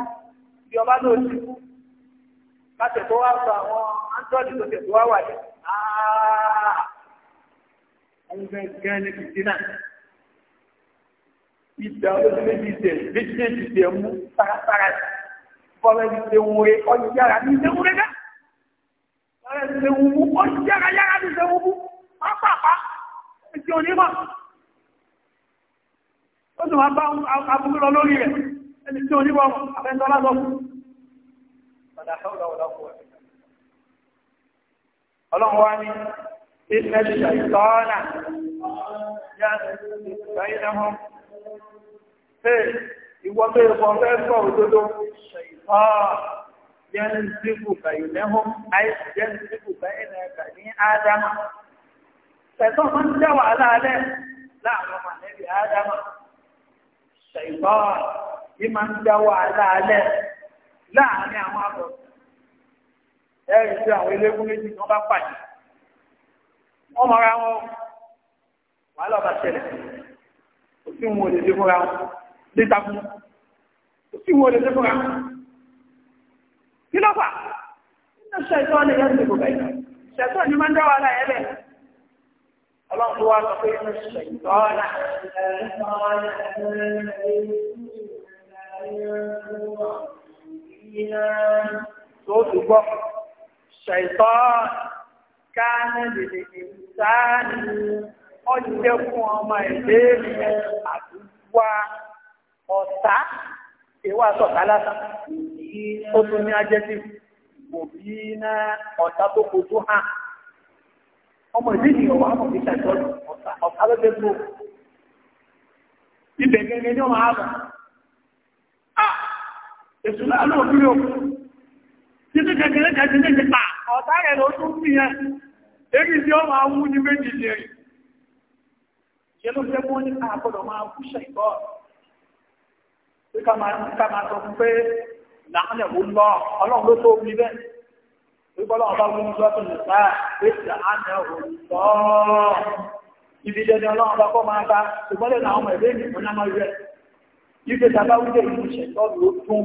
bí ọba náà ti kú láti tó wá sọ àwọn antoni tó tẹ̀sí wá wà ní àwọn gẹ́gẹ́ ní kìtínà ìdè olójú méjì tẹ̀ méjì tẹ̀ ti tẹ̀ mú parapara bọ́lá ti tẹ̀ wúre ọ̀yára ní tẹ̀ wúre dá bọ́lá ti tẹ̀ wúwú ọ̀yára yára ní tẹ̀ wúwú pápápá ti onímọ̀ ó sì máa bá abúlé lọ lórí rẹ̀ ẹni tí oníbọ̀ àfẹ́ntọ́lá lọ fún ọlọ́run wá ní ìsẹ́lẹ̀ ṣàìtọ́ọ̀nà yá ṣàìdáhùn pé ìwọ tó ìfọ́ fẹ́ sọ òdodo ṣàìtọ́ yẹn síkù kàìlẹ́hùn àìsí yẹn síkù kàìlẹ́hùn ní ádámà ṣẹ̀tọ́ máa ń jẹ́ wàhálà alẹ́ láàrin ọmọ àlẹ́bí ádámà ṣàìtọ́ọ̀nà ní máa ń dá wàhálà alẹ́ láàárín àwọn àbọ̀ ẹ̀rí sí àwọn eléégún méjì tí wọ́n bá pàdé wọ́n mọ̀ra wọn wàhálà ọba ṣẹlẹ̀ òfin wo lè dé fúnra wọn níta fún òfin wo lè dé fúnra wọn kí ló fà nínú ṣẹ̀tọ́ ni yẹn ti kò bẹ̀rẹ̀ ṣẹ̀tọ́ ni máa ń dá wàhálà yẹn bẹ̀rẹ̀. Ọlọ́run tó wá sọ pé inú ṣẹ̀tọ́ náà tó ti gbọ́ ṣàìtọ́ káánẹ́ lèlè ìsáàní ọjọ́ fún ọmọ ìlérí àdúgbà ọ̀tá ìwà sọ̀tá lásán ó tún ní ajẹ́sí òbí náà ọ̀tá tó kojú hàn ọmọ ìdíjì ọwọ́ àmọ̀ fi ṣàìtọ́ ọ̀tá lọ́gbẹ́gbò ibẹ̀ gẹ́gẹ́ ní ọmọ àbọ̀ èsù náà náà bí o títí kẹkẹrẹ kẹkẹrẹ ti pa ọ̀tá rẹ̀ ló tún fi yẹn èyí tí ó máa wú ní méjì lè rí yẹn ló fẹ́ mú ní àgbọ̀dọ̀ máa kú ṣẹ̀gbọ́ pé ká máa sọ fún pé làálẹ̀ ó lọ ọlọ́run ló tó wí bẹ́ẹ̀ wípé ọlọ́run bá wí ní sọ́tún nípa pé làálẹ̀ ó lọ ibi jẹ́ ni ọlọ́run bá kọ́ máa bá ṣùgbọ́n lè làwọn ọmọ ẹ̀rẹ́ ìgbìmọ̀ náà máa rẹ̀ ibi tàbá wíjẹ̀ ìlú ṣẹ̀gbọ́ ló tún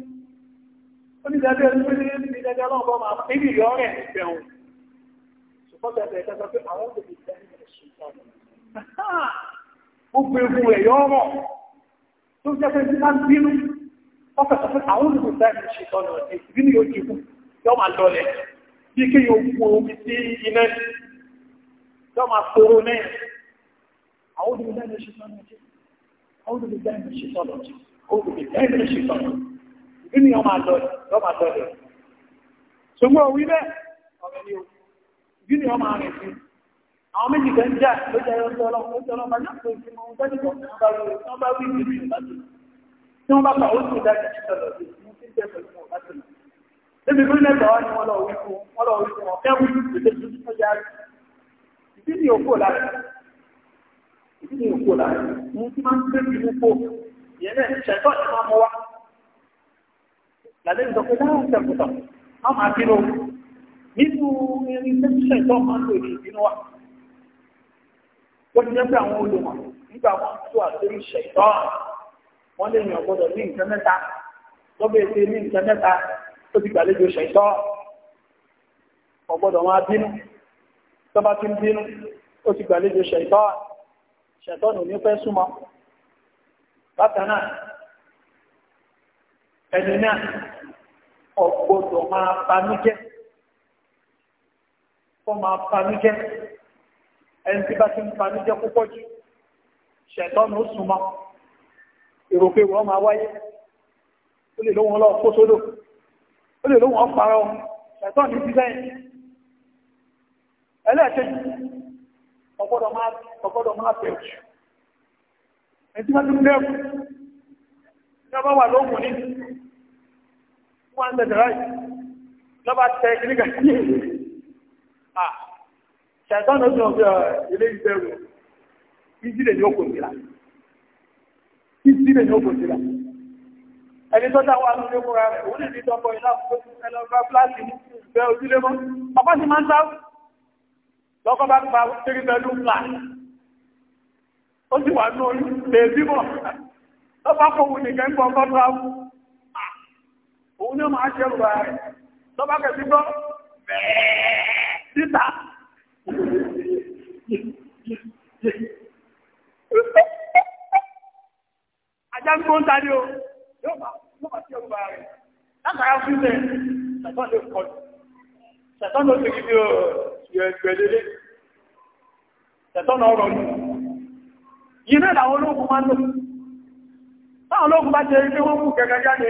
onídàájọ́ ní ìdájọ́ ọlọ́run bọ́ máa níbi ìyọ́ rẹ̀ ní ìbẹ̀rù ṣùgbọ́n tẹ̀sẹ̀ ìtẹ́sọ pé àwọn tó ti tẹ́ ní ẹ̀sùn ìtọ́jú gbogbo ewu rẹ̀ yọ ọ̀rọ̀ tó jẹ́ pé nípa bínú wọ́n fẹ̀sọ̀ pé àwọn tó ti tẹ́ ní ẹ̀sùn ìtọ́jú rẹ̀ ìbí ni yóò ti kú yọ máa lọlẹ̀ bí kí yóò kú omi sí iná yọ máa foro náà àwọn tó ti kí ọmọ àwọn méjì kan jà ló ọjọ́ ọlọ́pàá ọjọ́ ọlọ́pàá náà kò sí mọ́ ọjọ́ ìgbọ́n tí wọ́n bá wí ìlú ìbátí tí wọ́n bá pa ó sì dájú ìṣẹ̀lẹ̀ sí mú sí jẹ́ pẹ̀lú ọ̀bátí Ebi bí lẹ́gbà wá ní wọ́n lọ wí fún wọ́n lọ wí fún ọ̀kẹ́ wí fún ìdílé tó tó járe. Ìdí ni òkú lára. Ìdí ni òkú lára. Mo ti máa lálẹ́ ìsọ pé láwọn ìṣẹ̀kùtọ̀ a máa bínú nínú irin tẹ́tíṣẹ̀ tó máa ń lò ní ìbínú wa ó ti jẹ́ pé àwọn olùmọ̀ nígbà wọn tó àṣírí ṣẹ̀tọ́ wọn lè yàn gbọdọ̀ ní nǹkan mẹ́ta tó bẹ́ẹ̀ ṣe ní nǹkan mẹ́ta tó bínú tó bá ń bínú ó ti gbàlejò ṣẹ̀tọ́ ṣẹ̀tọ́ nù ní fẹ́ súnmọ́ bákan ẹni náà ọ̀gbọ́dọ̀ máa banújẹ́ kọ́ máa banújẹ́ ẹni tí bá ti ń banújẹ́ púpọ̀ jù ṣẹ̀tọ́nù ó súnmọ́ ìròpé wọ́n máa wáyé ó lè lóhun ọlọ́ kó sódò ó lè lóhun ọparọ ṣẹ̀tọ́nù ti sẹ́yìn ẹlẹ́ẹ̀kejì ọgbọ́dọ̀ máa bẹ̀rù ẹni tí bá ti ń bẹ̀rù ní ọba wà lóhun ní one hundred right lọ́ba tẹ kiri ka kí ah ṣàtọ́nà ó sọ ilé ìbẹ̀rù títí lè ní òkò síra títí lè ní òkò síra ẹni tó dáwọ́ alóde kóra rẹ̀ òun lè ní tọ́kọ iná ẹlọ́gbà fúláṣì bẹ ojúlé mọ́ ọkọ̀ sì máa ń sáwọ́ lọ́kọ́ bá gba tírí bẹ́lú ńlá ó sì wà ní orí lè bímọ lọ́ba kò wù nìkan ń gbọ́ ọkọ̀ tó òun ní ọmọ aṣẹ ìwà rẹ̀ tọ́bá kẹsí gbọ́ títà ajá ń gbóǹta ní o yóò bá tí ọgbà rẹ̀ látara fún ilẹ̀ ṣẹ̀tọ́ ló kọ́ ṣẹ̀tọ́ ló ti gidi o yẹ gbẹ̀lélé ṣẹ̀tọ́ lọ rọ̀ ní yìí náà làwọn ológun máa ń lò táwọn ológun bá jẹ́ ilé wọ́n mú gẹ́gẹ́ jáde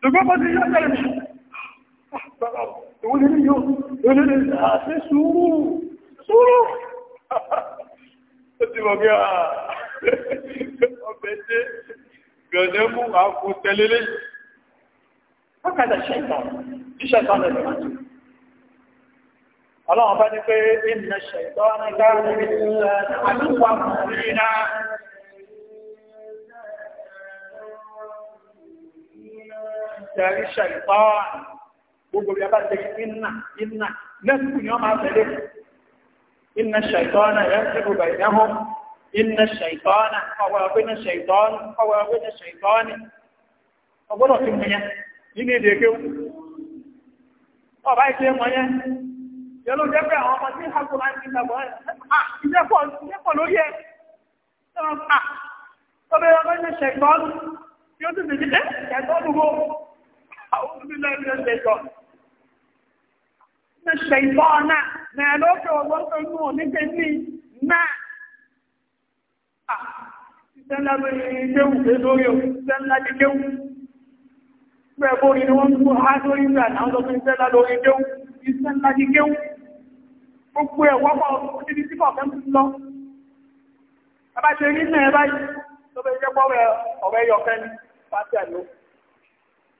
ṣùgbọ́n bó ti yọ́ tẹ̀lé ìwọ́n ní yóò lórí ní àti sùúrù sùúrù ó ti mọ̀ ah, bí a ọbẹ̀ jẹ́ gọ̀ọ̀dẹ́ mú àkó tẹ́lélé ọkàdà ṣẹ̀tàn ìṣẹ̀tàn lẹ́nu àti ọlọ́run bá ní pé ìnà ṣẹ̀tàn ní káàkiri àdúgbò àkùnrin náà darí ṣàìpáwà gbogbo bí a bá ṣe iná iná lẹ́sùn ni wọ́n máa tẹ̀lé iná ṣàìpáwà yẹn ti gbogbo ìdáhùn iná ṣàìpáwà ọwọ́ ọgbẹ́ iná ṣàìpáwà ọwọ́ ọgbẹ́ iná ṣàìpáwà ni ọgbọ́dọ̀ ti mọ̀ yẹn nínú èdè kéwù ọba ìṣe mọ̀ yẹn yẹn ló jẹ́ pé àwọn ọmọ tí hàgbọ́n máa fi ìgbàgbọ́ ẹ̀ ìjẹ́pọ̀ lórí ẹ̀ ọbẹ̀ ọgbẹ́ iná ṣàìpáwà ni أعوذ بالله من الشيطان من الشيطان ما لوك وضرط النور نجني ما Ìṣẹ́lá ìjẹun lórí o, ìṣẹ́lá ìjẹun. Bẹ́ẹ̀ bóri ni wọ́n ń kó há lórí ìgbà náà lọ́pọ̀ ìṣẹ́lá lórí ìjẹun, ìṣẹ́lá ìjẹun. Gbogbo ẹ̀wọ́ pọ̀ níbi tí kọ̀ọ̀kan ti lọ. Ẹbá ṣe rí náà ẹbá yìí, tó bẹ́ jẹ́ pọ́wẹ́ ọ̀rẹ́ yọ̀kẹ́ ni, pàtẹ́ àlọ́.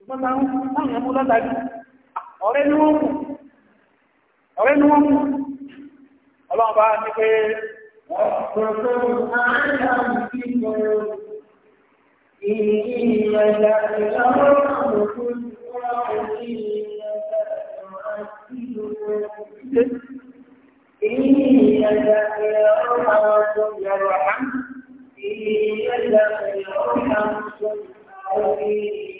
ṣùgbọ́n táwọn táwọn ẹ̀mú lọ́tàrí ọ̀rẹ́ ni wọ́n mú ọ̀rẹ́ ni wọ́n mú ọlọ́run bá ní pé Thank you.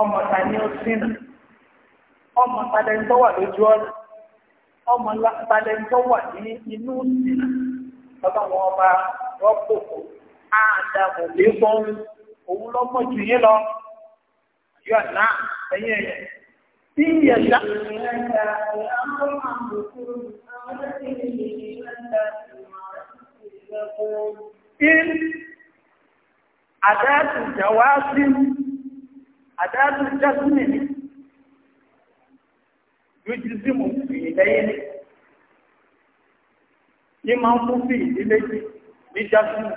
ọmọ ta ni ó sínú ọmọ talẹ̀ tó wà lójú ọ̀nà ọmọ talẹ̀ tó wà ní inú ìsìnà lọ́ba wọn ọba rọ́pò àdàmù lébọn òun lọ́mọ jù yín lọ yóò ná ẹ̀yìn ẹ̀yẹ. Bí ìyẹ̀dá. In àdáàtù jàwá sí àdáàtú jásùmí ni yójúzímù fìyí lẹ́yìn ni ní máa ń fún fìyí lílé ní jásùmí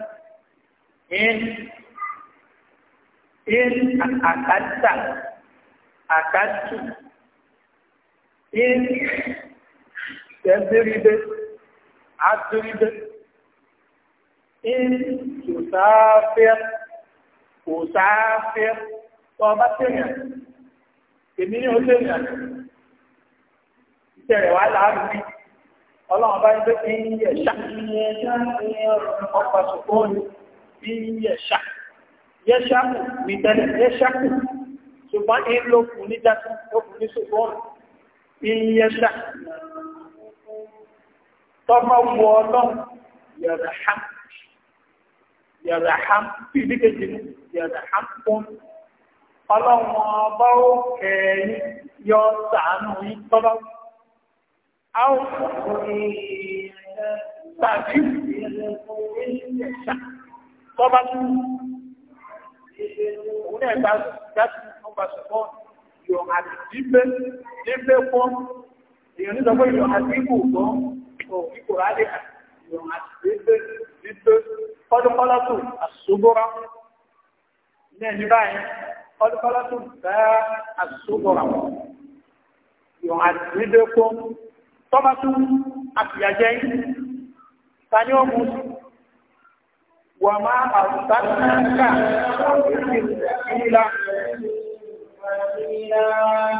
in in àkàtà àkàtù in tẹ̀síríbe àtúríbe in tòsáfẹ́ tòsáfẹ́ tọ́ ọba sẹ́yìn èmi ní oṣù èèyàn iṣẹ́ rẹ̀ wá láàrú bí ọlọ́run bá ń gbé kí ń yẹ ṣá ọkọ̀ sòkóòlù bí ń yẹ ṣá yẹ ṣáàkù ní tẹ́lẹ̀ yẹ ṣáàkù ṣùgbọ́n ní ló kù ní jásí ó kù ní sòkóòlù bí ń yẹ ṣá tọ́mọ̀ wù ọlọ́run ham yẹ̀rẹ̀ ham bí ìdíkejì yẹ̀rẹ̀ ham pọ́nù ọlọ́run ọba ó kẹ̀ẹ́yí yọ sàánú yí tọ́lá áwọ̀ tàbí tọ́bá tún òun náà bá dájú ọgbà ṣùgbọ́n yọ àdìjígbé nígbé fún èèyàn ní sọpọ̀ yọ àdìgbò gan òkìkò rádé yọ àdìgbé nígbé fọ́dúnkọ́lọ́tù àṣùgbọ́ra ní ẹni báyìí kọ́lùkọ́lù tó bá àsopọ̀ra wọn. Yọ̀n àdìrídé kó tọ́ba tó àfìyàjẹ́ yìí. Sani ó mú wà máa àrùsáńkà ìlà.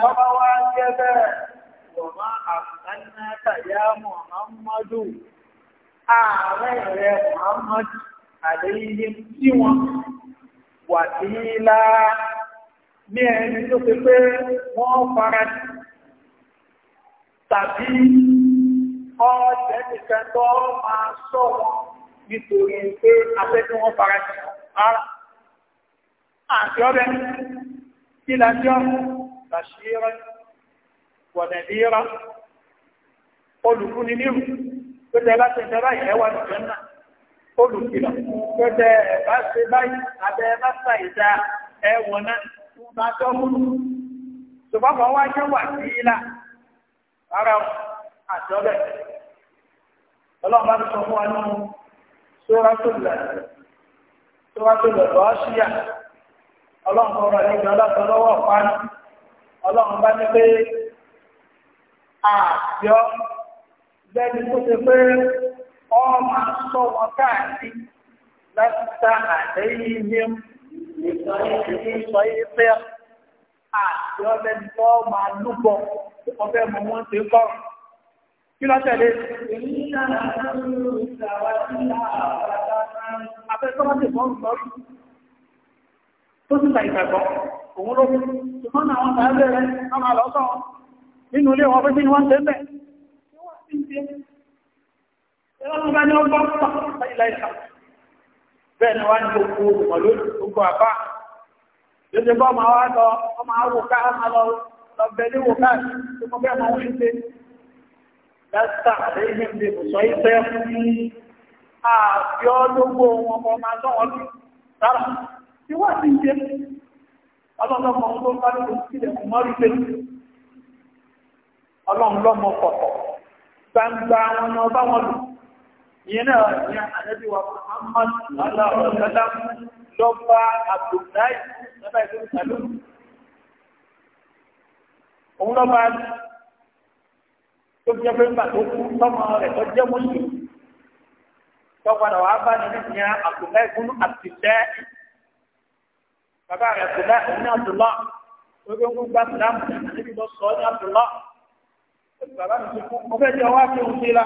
Tọ́ba wá jẹ́ bẹ́ẹ̀ wà máa àrùsáńkà yá Mùhàmmadu. Ààrẹ rẹ̀ Mùhàmmadu àdéhìí tí wọ́n wà sí ilá ní ẹni tó fi pé wọ́n fara tàbí ọjẹ́ nìkan tó máa sọ wọn nítorí pé afẹ́kí wọ́n fara tì ara àti ọbẹ̀ kí lájọ́ bàṣírẹ́ wọ̀nẹ̀díra olùfúnni nírù tó tẹ́ bá ṣe tẹ́ báyìí náà olùkìlọ̀ tó tẹ́ bá báyìí abẹ́ bá ṣàìdá ẹwọ̀n náà tàdọ́múlù ṣùgbọ́n kan wá jẹ́ wà sí ilá ara àjọbẹ̀ ọlọ́run bá ti sọ fún wa nínú sóra tó lẹ̀ sóra tó lẹ̀ lọ́ọ́ síyà ọlọ́run kan rọ̀ níbi ọlọ́run lọ́wọ́ ọ̀pánu ọlọ́run bá ní pé àbíọ́ lẹ́ni tó ṣe pé ọ máa sọ wọn káàkiri láti ta àdéhìí ní sọ yìí pé àti ọbẹ̀ nìkọ́ máa lúbọ̀ ọbẹ̀ mọ̀ wọ́n ti kọ́ kí lọ tẹ̀lé tó ilé wọn pẹ́sí ni wọ́n tẹ́ mẹ́ ẹwọ́n sí ń tẹ́ ẹwọ́n bá ní ọgbọ́n pàtàkì ilẹ̀ bẹ́ẹ̀ ni wọ́n ní gbogbo olùmọ̀ lónìí gbogbo àbá bọ́ máa wá lọ wọ́n máa ká lọ lọ ní wò ká tí mo bẹ́ẹ̀ sọ ìfẹ́ fún àfi ọlọ́gbọ́ wọn sára tí wọ́n ti ń jẹ ọlọ́lọ́mọ tó bá ní kò mọ́ rí pé kọ̀ọ̀kọ̀ gbangba wọn ni ìyẹn náà ní àdẹ́bíwà Muhammad aláwọ̀sálá lọ bá Abdullahi lábá ìlú Sàlú. Òun lọ bá tó jẹ́ pé nígbà tó kú tọ́mọ rẹ̀ tó jẹ́ mọ́sùn. Tó padà wá bá ní ní Abdullahi fún àtìlẹ́. Bàbá rẹ̀ Abdullahi òun ní Abdullah. Gbogbo ń gbà Sàlámù níbi lọ sọ ní Abdullah. Bàbá mi ti kú, mo fẹ́ jẹ́ ọwọ́ àti òun sí la.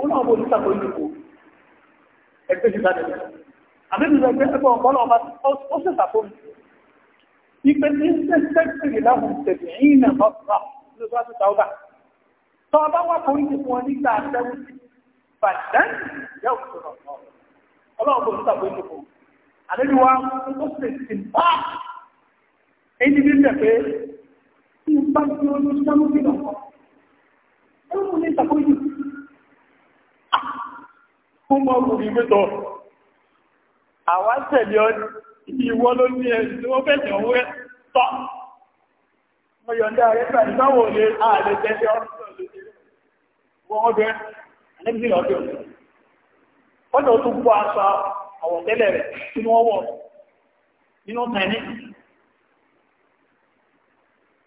òun náà mo ní sàkó ìlú kò ẹgbẹ́ ti dáadé àbẹ́bí lọ pé ẹgbẹ́ ọ̀pọ̀lọ́ ọba ó sì sàkó mi ipe ní sẹ́sẹ́sẹ́rì láwọn tẹ̀lé yìí nà bọ́ọ̀bà ló bá ti sàọ́bà tọ́ ọba wà fún ìdí fún ọ nígbà àtẹ́wò sí bàdán yóò tó lọ ọlọ́run kò ní sàkó ìlú kò àbẹ́bí wa ó sì sì bá ẹni bí bẹ̀ pé tí n bá ti olú sánú bí lọ́kọ̀ ó mú ní sàkó ìlú fún mọ́rù rí pẹ́tọ̀ tẹ̀lé ìwọ ló ní ẹ̀sì tí wọ́n fẹ̀sẹ̀ ọwọ́ rẹ̀ tọ́ mo yọ̀ndà ààrẹ tẹ́lẹ̀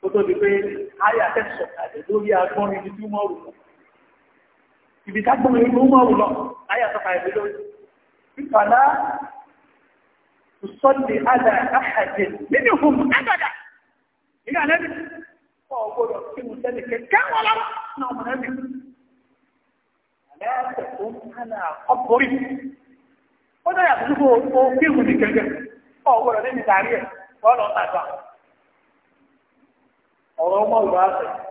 Ó tó di pé ayà tẹ́sọ̀ àti lórí agbọ́nrin ní túmọ̀ òrùn ibi ká gbọ́n ìlú mọ́rù lọ ayà sọ́fà ìfàlá ìsọ́lẹ̀ àdà àhàjẹ̀ nínú ó dá yàtọ̀ nípa òkèwù ní gẹ́gẹ́ ọgbọ́dọ̀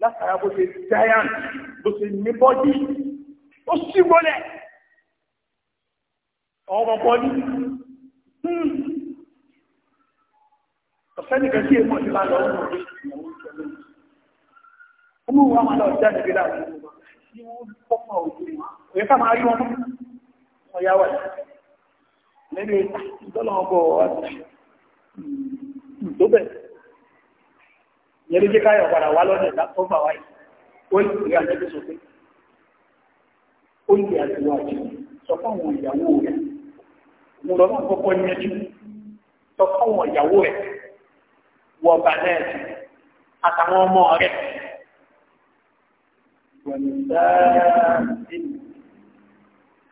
látara bó ṣe giant bó ṣe ní bọ́dí ó sì wọlé ọmọ bọ́dí hmm. ọ̀sẹ́ nìkan sí èmọ̀ nípa lọ ọmọ rẹ̀ ọmọ wa máa lọ jẹ́ nìkan láti ní wọ́n kọ́kọ́ òkúrò ẹ̀yẹ ká máa rí wọn ọ̀yá wà lẹ́nu ìdọ́lọ́wọ́ bọ̀ wá hmm. tó bẹ̀rẹ̀ yẹn ló jẹ́ káyọ̀ padà wá lọ́dẹ̀ tó fà wáyé ó ń pè á lẹ́gbẹ̀ẹ́ sọ pé ó ń pè á ti wá jù sọ fáwọn ìyàwó rẹ̀ mo lọ́nà kọ́kọ́ yẹjú sọ fáwọn ìyàwó rẹ̀ wọ bàlẹ́ àtàwọn ọmọ rẹ̀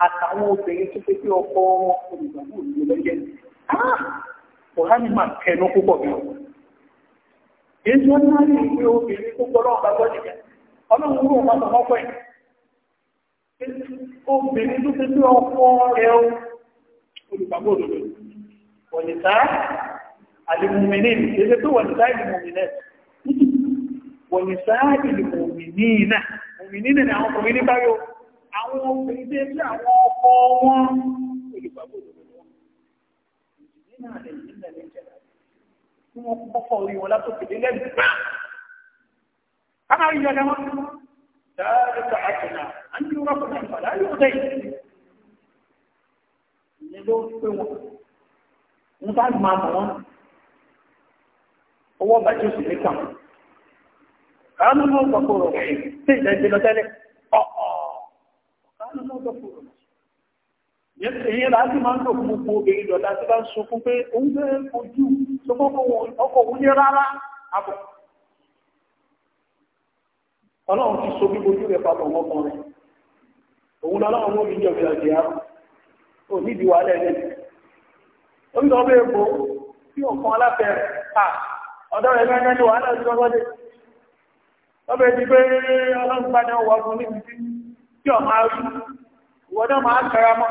àtàwọn obìnrin tó fẹ́ pé ọkọ wọn olùgbàgbọ́ òdòdó lọ́jẹ́ ah! kò hánì máa kẹnu púpọ̀ bí wọn. Èso náà ní ìwé obìnrin tó gbọ́lọ́ ọ̀gá gbọ́dì jẹ́. Ọlọ́run ló máa tọ̀mọ́ pẹ̀. Obìnrin tó ti ní ọkọ rẹ̀ o. Olùgbàgbọ́ òdodo. Wọ̀nìtá àlìmùmìnì ìṣẹ́lẹ̀ tó wọ̀nìtá ìlìmùmìnì. Wọ̀nìtá ni àwọn ọkùnrin ní báyọ̀. Àwọn obìnrin tó ti àwọn ọkọ tí wọ́n kọ́ fọ́ orí wọn látòkè délẹ̀ nígbà. a máa rí yọ̀dá wọn dáadé ká àtúnà a ní wọn kọ́ náà padà yóò dé ìyẹn ló pé wọn ń bá máa mọ̀ wọn owó bàjẹ́ òsì ní kàn. kánú mọ́ gbàgbọ́ rọ̀ wẹ̀yìn tí ìjẹ́ lọ tẹ́lẹ̀ ọ̀ọ́ kánú mọ́ gbàgbọ́ rọ̀ èyí láti máa ń lò fún gbogbo obìnrin lọ́dá tí bá ń sọ fún pé òun fẹ́ ojú tó gbogbo ọkọ̀ òun ní rárá àbọ̀ ọlọ́run ti so bí ojú rẹ̀ papọ̀ wọ́n kan rẹ̀ òun lọ́lọ́run mọ́ ìjọ ìjọ ìjọ ìjọ ò ní ìdíwà lẹ́yìn orí lọ́wọ́ èbò tí ọ̀kan aláfẹ́ à ọ̀dọ́ rẹ̀ mẹ́rin ní wàhálà ìjọ lọ́dẹ lọ́bẹ̀ ti pé ọlọ́run bá náà fún níbi tí ọmọ arú ìwọ́dọ́ máa kára mọ́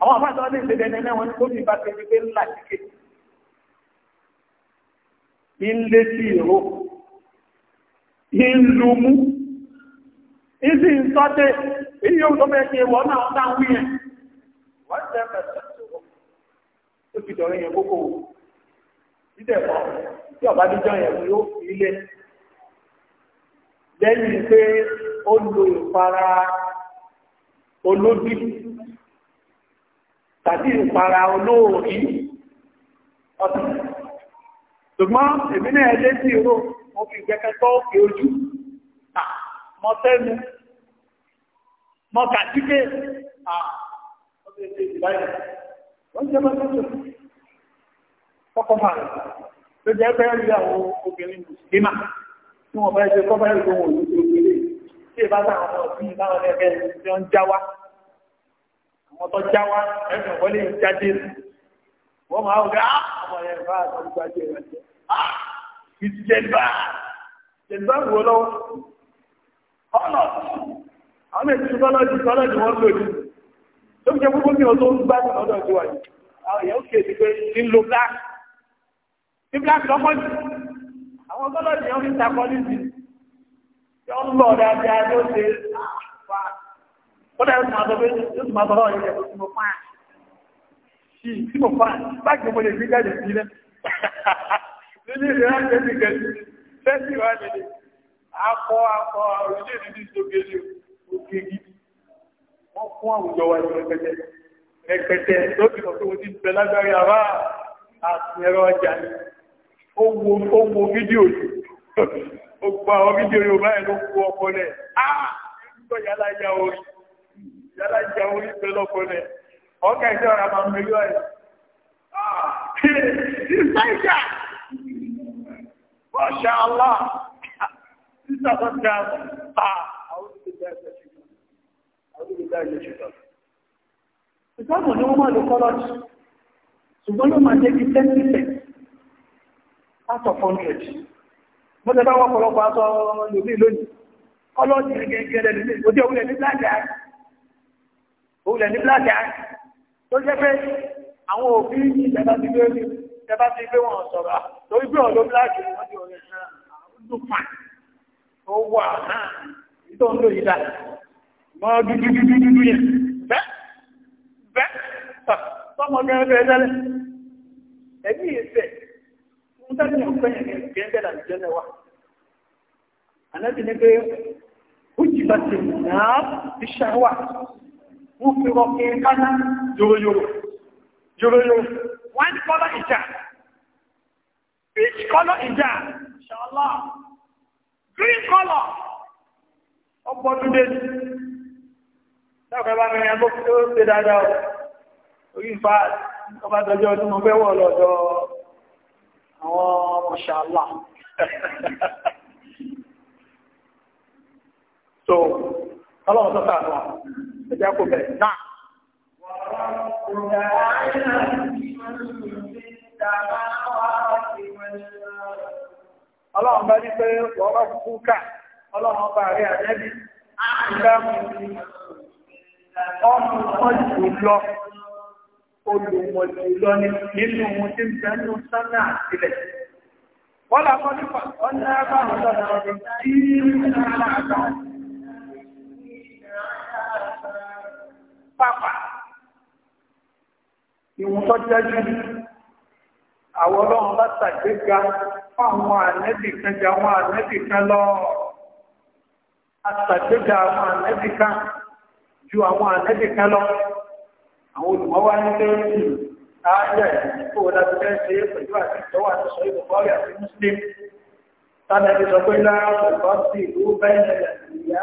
àwọn àbá àtàwọn ilé ìdẹ́dẹ́ náà wọn kó ní bá ti ńlá ilé sí ìró ìsì tó wọ́n náà wọ́n náà wí wọ́n ti dẹ́fẹ̀ sọ́dọ̀ tó fi dọ̀rọ̀ yẹn kókó dídẹ̀ mọ́ tí ọ̀bá díjọ́ yẹn yóò fi ilé lẹ́yìn pé ó lo ìpara olódì tàbí ìpara olóòrí ọ̀tọ̀. ṣùgbọ́n èmi náà lé sí ìró mo fi ìgbẹ́kẹ́tọ́ òkè ojú mọ́tẹ́nu mọ́kàtíkẹ́ wọ́n jẹ́ mọ́tẹ́nu kọ́kọ́ máa rẹ̀ ló jẹ́ bẹ́ẹ̀ rí àwọn obìnrin àwọn já wá ẹnu wọlé jáde wọ́n máa wọ́n gbé á ọmọ yẹn bá àtọ́jú gbájú ẹ̀ rẹ̀ á ìtì jẹ̀dùbá jẹ̀dùbá wò lọ́wọ́ ọ̀nà àwọn ètò tọ́lọ́jì tọ́lọ́jì wọ́n lòdì tó ń jẹ́ púpọ̀ mi ò ń gbá ọ̀dọ̀ ìwà yìí àwọn èèyàn kè sí pé ní lo black ní black lọ́pọ̀ jù àwọn tọ́lọ́jì yẹn fi ń lọ ó ẹ̀sùn àtọ́ pé yóò tún máa wà ní ìṣògèrè ògègì wọ́n fún àwùjọ tó fi ti bẹ lágbárí àbá àti ẹ̀rọ ọjà ni ó wo fídíò yìí ó gba àwọn fídíò Yorùbá ẹ̀ ló kú ọpọlẹ̀ ah yàrá ìjẹun ìfẹ́ lọ́kọ rẹ̀ ọkà ìṣe ọ̀rọ̀ àmà mẹ́lú ẹ̀. Ìsáìjà Masha Allah sísà tó ti àwọn ta àwọn ti dá ẹgbẹ́ ṣùgbọ́n àwọn ti dá ẹgbẹ́ ṣùgbọ́n. Ìsáàmù ni wọ́n máa lò kọ́lọ́jì ṣùgbọ́n ló máa jẹ́ bí ten percent out of hundred. Mo ti bá wọ́pọ̀lọpọ̀ aṣọ lòmí lónìí. Kọ́lọ́jì gẹ́gẹ́ rẹ̀ lónìí. Òde òwúrẹ̀ ní láàjà òwúlẹ̀ ní bíláàkì á tó jẹ́ pé àwọn òbí ìjẹba ti gbé ìjẹba ti gbé wọn sọ̀rọ̀ torí bí ọ̀dọ́ bíláàkì wọ́n ti ọ̀rẹ́ sàn ló fà ó wà hàn tó ń lò yìí dá mọ́ dúdú dúdú dúdú yẹn bẹ́ bẹ́ tọ́mọ gẹ́gẹ́ bẹ́ẹ̀ dálẹ̀ ẹ̀mí ìfẹ́ ń tẹ́lẹ̀ ní ọ̀pẹ́ yẹn kẹ́ ń tẹ́lẹ̀ àjẹ́ lẹ́wà àná ti ní pé ó jì bá ti nà á ti ṣàwà wọ́n fi wọ́n kiri káná yóróyóró one color ìjà each color ìjà ṣàlá green color ọgbọ́dún dédú láàpẹ́bá mẹ́rin agbó tó ṣe dáadáa orí ìfà ọba tọjọ́ ọdún mọ́ fẹ́ wọ́ lọ́dọ̀ àwọn ọmọ ṣàlá so ọlọ́run tó sáà wọn ẹ̀jẹ̀ kò bẹ̀rẹ̀ náà. ọlọ́run bá ní pé wọ́n bá kú ká ọlọ́run bá rí àjẹ́bí nínú ohun tí ń sánà wọ́n nípa tí ń pàpà ìwọ̀n tó jẹ́jú àwọn ọlọ́run bá tàgbéga fáwọn ànẹ́bì kan jẹ àwọn ànẹ́bì kan lọ àtàgbéga àwọn ànẹ́bì kan ju àwọn ànẹ́bì kan lọ àwọn olùmọ́wá ní lẹ́yìn ààyè tó wọ́n láti fẹ́ ṣe pẹ̀lú àti ìtọ́wà àti sọ ìbùkọ́rì àti muslim tánàbí sọ pé láàrín ọ̀pọ̀ ìlú bẹ́ẹ̀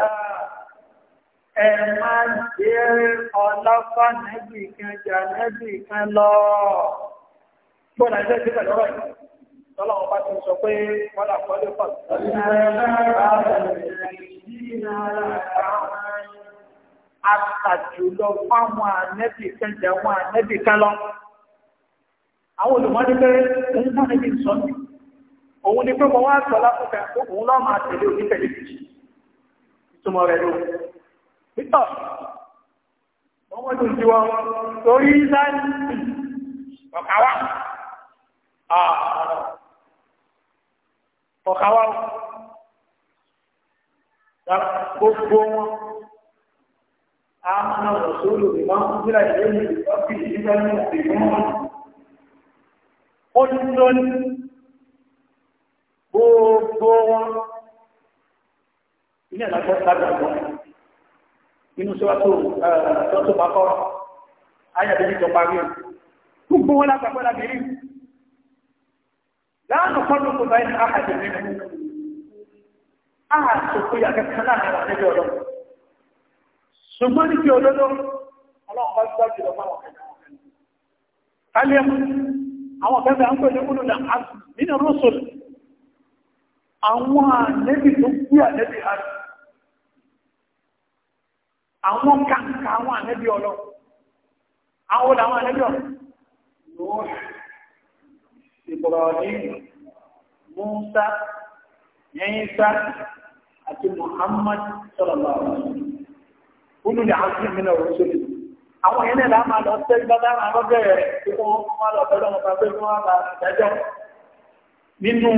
ẹ máa gbé ọlọ́pàá nẹ́bì kan jà nẹ́bì kan lọ. Gbọ́nà ilé ti bẹ̀rẹ̀ lọ́wọ́ yìí. Tọ́lọ́wọ́ bá ti sọ pé wọ́n là kọ́lé pọ̀ Àtàjùlọ fáwọn ànẹ́bì kan jà wọn ànẹ́bì kan lọ. Àwọn olùmọ́dé pé òun bá nẹ́bì sọ ní. Òun ni pé mo wá sọ lápùpẹ̀ òun lọ́ máa tẹ̀lé òní tẹ̀lé ìtumọ̀ rẹ̀ lóòrùn pítọ̀ ọmọ tó ti torí sáàtì ọ̀káwá ọ̀káwá gbogbo wọn a máa lọ sóòlù ìmọ̀ nílẹ̀ ìlú ìfọ́fíì nígbà ní ìgbìmọ̀ ó ní gbogbo wọn ilé ìlàgbọ́n lágbàgbọ́n inú síwájú tọ́tù pàkọ́ ayàbí ní ìjọba gbogbo wọn lágbàgbọ́ lábìrí láàánú kọ́lù kò ha ẹni àkàtì nínú àtòkò yàkẹ́kẹ́ na wà níbi ọ̀dọ́ ṣùgbọ́n ní kí olódó fáwọn kẹta àwọn kẹta ń pè àwọn àwọn kàǹkà àwọn ànẹ́bí ọlọ́ àwọn olàwọn ànẹ́bí ọlọ́ Ibrahim Musa Isa àti Muhammad sallallahu alaihi wasallam olú ni àwọn ìsinmi náà rọ́ṣọ́ lè àwọn yẹn náà máa lọ sẹ́yìn bá dára lọ́gbẹ̀ rẹ̀ tí wọ́n máa lọ bẹ̀rẹ̀ wọn pàṣẹ fún wọn bá dájọ́ nínú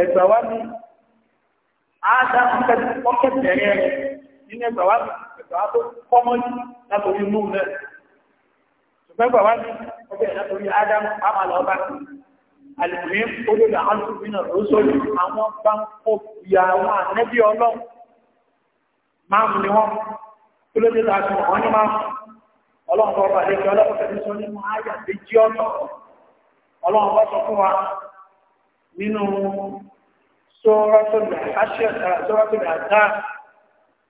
ẹgbà ní tó kọ́mọ́ ní látòrí inú rẹ̀. ṣùgbọ́n bàbá ní ọbẹ̀ látòrí adam amala ọba alùmí olóòlà alùmínà lóṣòlù àwọn bá ń kó ìyá àwọn ànẹ́bí ọlọ́run márùn ni wọ́n tó ló dé láti wọ́n ní márùn ọlọ́run bọ́ bàdé kí ọlọ́run fẹ́ sọ nínú àyà méjì ọ̀tọ̀ ọlọ́run bọ́ sọ fún wa nínú sórọ́tò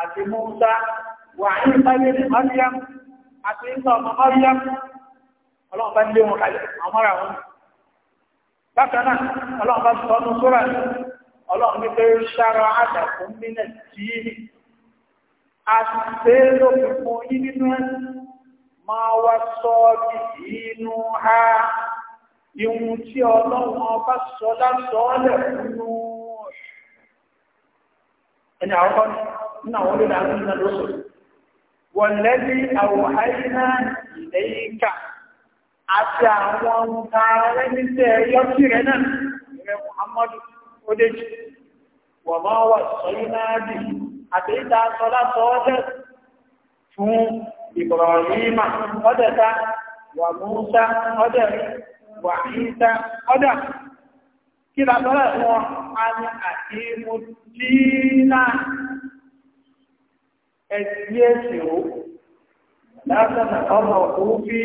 àti Musa wà ní ìsáyé ní Mariam àti ìsọ ọmọ Mariam ọlọ́run bá lé wọn kalẹ̀ àwọn mọ́ra wọn. Bákan náà ọlọ́run bá sọ ọ́nù sóra ọlọ́run ní pé ṣára àdàkùn mílẹ̀ tí àti pé ló fi fún yín nínú máa na àwọn da àwọn ìlànà lóṣù wọ̀n lẹ́bí àwòháyínà ìlẹ́yìnká àti àwọn ọmọta ẹlẹ́nìṣẹ́ yọ́sí rẹ̀ nan rẹ̀ Muhammadu Odeji wọ̀n máa wà sọ́yínáàdì àti ìta sọ́lá sọ́ọ́dẹ̀ fún Ibrahima ọdẹta wà Musa ọdẹ wà Isa ọdẹ kí lásọ́lá fún wọn a ní ẹgbí ẹ̀sìn ó látàtà ọmọ òfí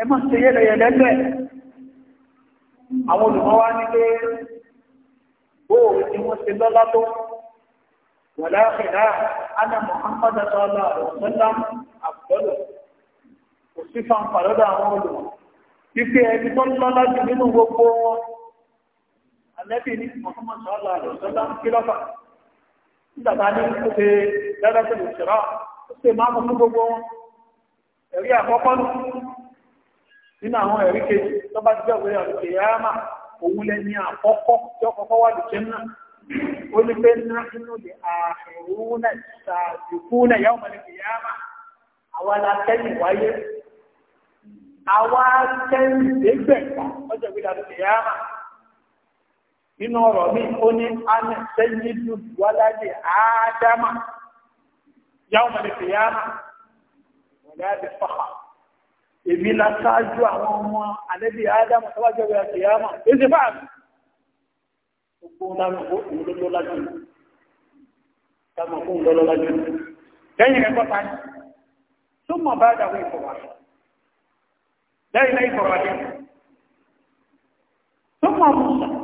ẹ má ṣe yẹ́lẹ̀yẹ̀lẹ́ bẹ̀ àwọn olùmọ̀ wá ní pé bóò ni wọ́n ṣe lọ́lá tó Muhammad sọ́lá ọ̀sọ́lá àbúgbọ́lọ̀ kò sí fanfà lọ́dọ̀ àwọn olùmọ̀ wípé ẹni tó lọ́lá jù nínú gbogbo wọn Ànábì ní Muhammad sọ́lá ọ̀sọ́lá kí lọ́fà nígbàtà ní ó ṣe lẹ́rẹ́sẹ̀ ìṣẹ́ra ó ṣe máa mú fún gbogbo wọn ẹ̀rí àkọ́kọ́ nínú àwọn ẹ̀rí kejì tó bá ti jẹ́ òwe àrùkè yáàmà òun lẹ́ni àkọ́kọ́ tí ó kọ́kọ́ wà lùkẹ́ náà ó ní pé ná inú lè ààrùn náà ṣàdìkú náà yàwó mọ̀lẹ́kẹ̀ yáàmà àwa la kẹ́yìn wáyé àwa kẹ́yìn dégbẹ̀ta ọjọ́ ìgbéra àrùkè yáàmà nínú ọ̀rọ̀ mi ó ní ana sẹ́yìnlú wáládì ádámà yàwó mẹ́lẹ̀ fìyàmà wọ̀láàdì fàkà èmi lásáájú àwọn ọmọ àlẹ́bí ádámà tọ́wájọ́ rẹ̀ fìyàmà èsì bá gbogbo lárúgbó ìlólólájú tàbí ìlólólájú lẹ́yìn rẹ̀ pọ́ta ní tó mọ̀ bá dàwó ìfọ̀wàṣẹ́ lẹ́yìn rẹ̀ ìfọ̀wàṣẹ́ tó mọ̀ mọ̀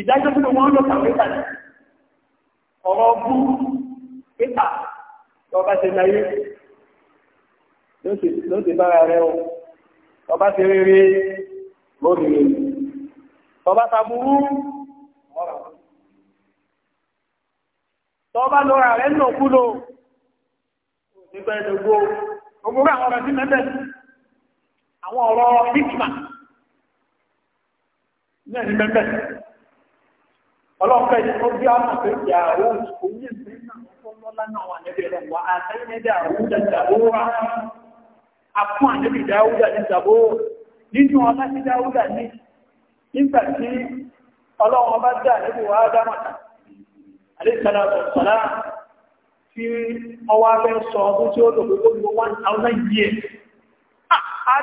ìdájọ́ tí wọ́n lọ kàwé tàbí ọ̀rọ̀ bú pépà lọ́ba ṣe láyé ló ti bára rẹ̀ o ọba ṣe rere lórí rẹ̀ ọba ṣàbúrú ọ̀rọ̀ tọ́ba lọ́ra rẹ̀ ń lòkú lò nígbà ìdògbò gbogbo àwọn ọ̀rọ̀ sí mẹ́tẹ̀ àwọn ọ̀rọ̀ ọlọ́pẹ́ tó bí a mọ̀ pé yàrá òní ìsìn náà tó lọ́lá náà wà níbi rẹ̀ wà á sẹ́yìn níbi àwùjọ ìdàbòrà apún àníbi ìdáwùjọ ìdàbòrà nínú ọlá ti dáwùjọ ní nígbà tí ọlọ́wọ́n bá dà níbi wà á dámọ̀ta àlẹ́sàlá sọ̀sọ̀lá tí ọwọ́ abẹ́ sọ ọdún tí ó lò gbogbo 1000 years. Ah!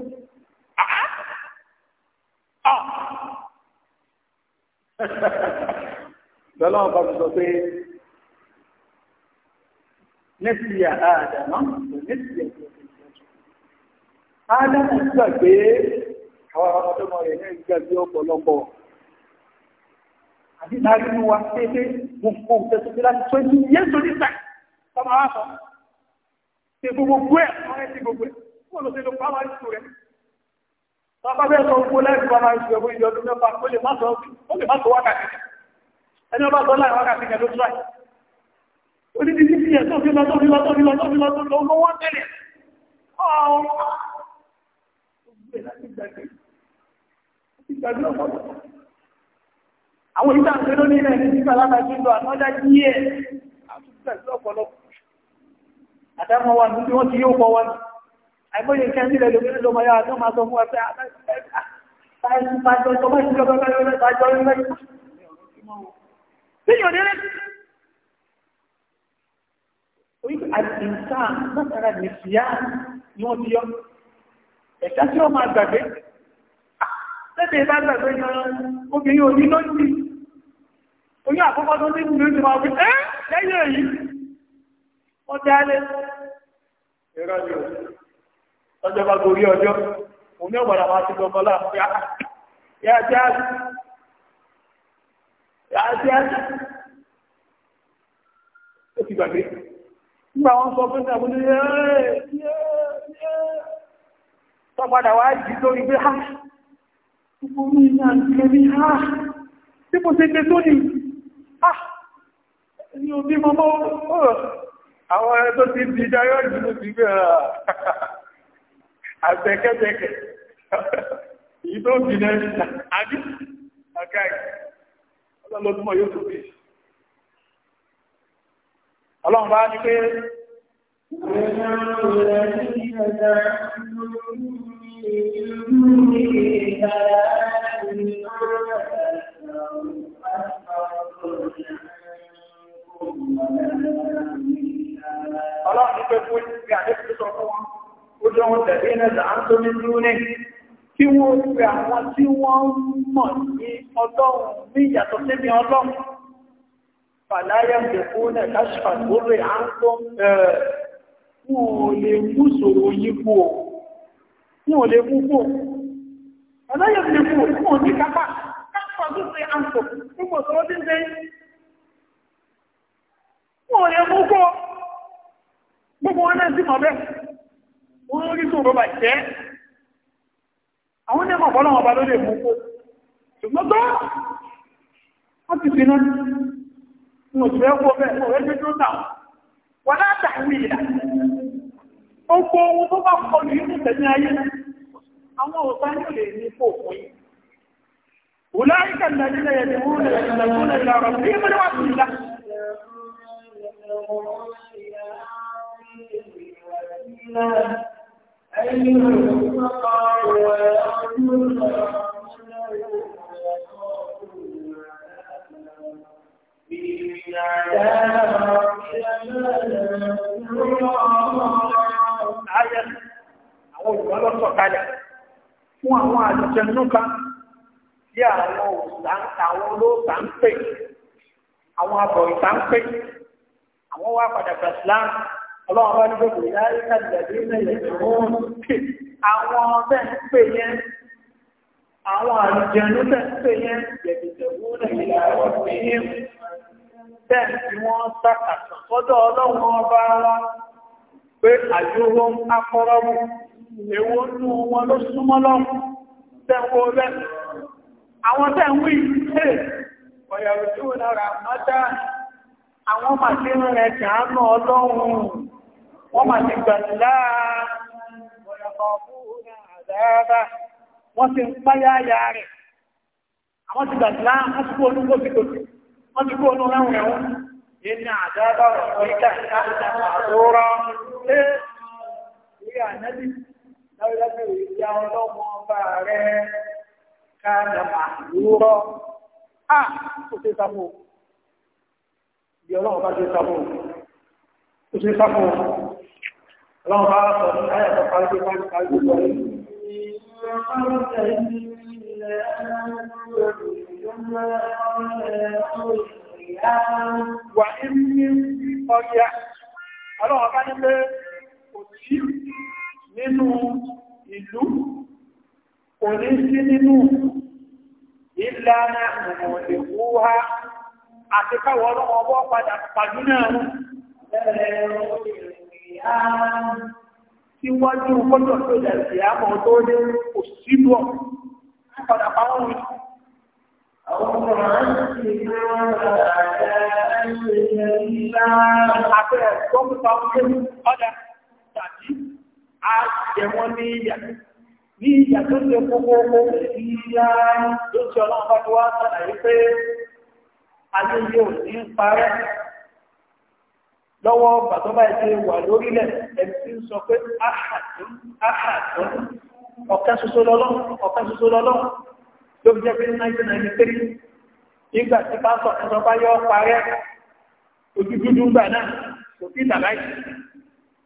lọ́lọ́wọ́ bá mi sọ pé nísìyà àdàmọ́ nísìyà àdàmọ́ gbàgbé àwọn ọmọdémọ rẹ̀ ní gbàgbé ọ̀pọ̀lọpọ̀ àti láàrin wa pépé gbogbo tẹ̀sùn láti twenty years orí sáì tọ́mọ wá sọ ṣe gbogbo ẹ̀ ọ̀rẹ́ sí gbogbo ẹ̀ kó lọ sí lọ pàwọ́ àìsù rẹ̀ Tọ́pá bẹ́ẹ̀ sọ gbogbo láìsí bá máa ń ṣe ọgbọ́n ìjọdún mẹ́fà ó lè má sọ wákàtí. Ẹni ọba sọ láì wákàtí kẹ ló tíra. Ó ní bí sí ẹ̀ tó fi lọ tó fi lọ tó fi lọ tó fi lọ tó lọ owó wọ́n tẹ́lẹ̀. Àwọn ìgbà ìgbẹ́ lónìí rẹ̀ ní títà lábàájú lọ àmọ́dá yí ẹ̀ àtúntà sí ọ̀pọ̀lọpọ̀. Àdámọ́ wa ní wọ́n ti yóò kọ wá ní àìmọye nǹkan sílẹ̀ lómi ló máa yára tó máa sọ fún wa pé àtàjọ tó máa ń jọba lọ́wọ́ àjọ orí mẹ́rin. Bíyàn nílé. Oyin àtìǹkà látara nìfìyà ni wọ́n ti yọ. Ẹ̀ka tí wọ́n máa gbàgbé. Tẹ́tẹ̀ bá gbàgbé ni obìnrin òní ló ti. Oyún àkọ́kọ́ tó ní ìlú ti máa wí, ẹ́ lẹ́yìn èyí. Wọ́n dá lé. Ìrọ̀lẹ́ lọ́jọ́ bá gorí ọjọ́ òní ọ̀gbọ̀nà máa ti gbọ́gbọ́ láàmú yá yá jáde yá jáde ó ti gbàgbé nígbà wọn sọ fún ìdàgbọ́n yẹ́ yẹ́ yẹ́ tọ́padà wá jí lórí pé ha ah, gbogbo ní ìlà ìkẹrí ha tí kò ṣe gbé ah, tó ti di dáyọ́ ìdúró sí pé àtẹ̀kẹ́tẹ̀kẹ́ èyí tó ti nẹ́ àbí àkáì ọlọ́lọ́dúnmọ̀ yóò tóbi ọlọ́run bá ní pé Ọlọ́run ní pé fún ìgbà ní ìsọ́ fún wọn. ادعوا الذين زعمتم من دونه kí wọ́n pe àwọn tí wọ́n mọ̀ ní ọlọ́run ní ìyàtọ̀ síbi ọlọ́run fàláyà ìdẹ̀kú náà káṣfà lórí à ń tó ẹ̀rẹ̀ wọ́n lè mú sòrò yípo wọ́n lè mú pò fàláyà ìdẹ̀kú wọ́n ní kápá káṣfà lórí à ń tó púpọ̀ sọ́rọ́ tí ń dé wọ́n lè mú gbogbo wọn sí mọ̀ bẹ́ẹ̀ wọ́n rí tó rọ́bà jẹ́ àwọn ẹmọ̀ bọ́lá wọn bá ló lè mú kó ṣùgbọ́n tó wọ́n ti fi náà wọ́n ti rẹ́ kó bẹ́ẹ̀ wọ́n rẹ́ tó náà wọ́n láta ìlà ó kó ohun tó bá kọ ní ìlú tẹ̀lé ayé àwọn òṣà أيها الفقراء ويرجون ربنا ويخافون عذاب Ayẹ́ àwọn olùgbọ́lọ́sọ̀ kalẹ̀ fún àwọn àjẹjẹ núka tí àwọn òṣìṣà àwọn olóòṣà ń pè, àwọn abọ̀ ìta ń pè, àwọn wá padà Bẹ̀sìláàmù ọlọ́run bá ní gbogbo ìyáyé kàdìdàdì ilẹ̀ ìṣòwòn àwọn ọ̀fẹ́ ń pè yẹn àwọn àrùjẹ̀nú tẹ̀ ń pè yẹn jẹ̀dìdẹ̀wó lẹ́yìn àwọn ọ̀fẹ́ tẹ̀ tí wọ́n sàkàtà sọ́dọ̀ ọlọ́run ọba wa pé àjòwò ń akọ́rọ́mù èwo nú wọn ló súnmọ́ lọ́mù tẹ́wọ́ rẹ̀ àwọn tẹ́wọ́ ìṣe ọ̀yàwó tí ó lára mọ́tà àwọn màṣírùn rẹ̀ kì á nà ọlọ́run wọ́n máa ti gbàdúrà wọ́n ti ń páyáyà rẹ̀ àwọn ti gbàdúrà wọ́n ti kú olú gbòsìgbòsì wọ́n ti kú olú ráhùn ẹ̀wọ̀n yìí ní àdábà ọ̀rọ̀ ìkà ìkà àtòrọ̀ ṣé ìrí ànẹ́bí lọ́wọ́lọ́wọ́ ìyá ọlọ́mọ ọba rẹ̀ káàdà màlúrọ̀ à kò ṣe sáfò bí bá ṣe sáfò kò ṣe sáfò اللهم بارك في آية قلبي قلبي قلبي قلبي وإن من قرية ọlọ́wọ́ bá ní pé kò sí nínú ìlú kò ní sí nínú àti káwọ̀ ọlọ́wọ́ padà pàdúnà ẹ̀rẹ̀ síwájú kọjọ tó lẹ sí àmọ́ tó dé kò sí lọ padà pàwọn mi. àwọn ọmọ rẹ̀ ń ṣe máa ń ra ẹ̀ka ẹ̀ṣẹ̀ ńlá abẹ́rẹ́ tó ń pa ọdún ọ̀dà tàbí àjẹwọ́n ní ìyà ní ìyà tó ṣe kókókó ìyá ló ṣe ọlọ́run bá tó wá sàlàyé pé ayé yóò ní parẹ́ lọ́wọ́ bàtọ́bá ẹ̀ ti wà lórílẹ̀ ẹni tí ń sọ pé ahàdùn ahàdùn ọ̀kan ṣoṣo lọ́lọ́ ọ̀kan ṣoṣo lọ́lọ́ ló fi jẹ́ pé 1993 nígbà tí pásọ̀ ẹ̀sọ́ bá yọ parẹ́ ojú dúdú gbà náà kò sí ìtàláì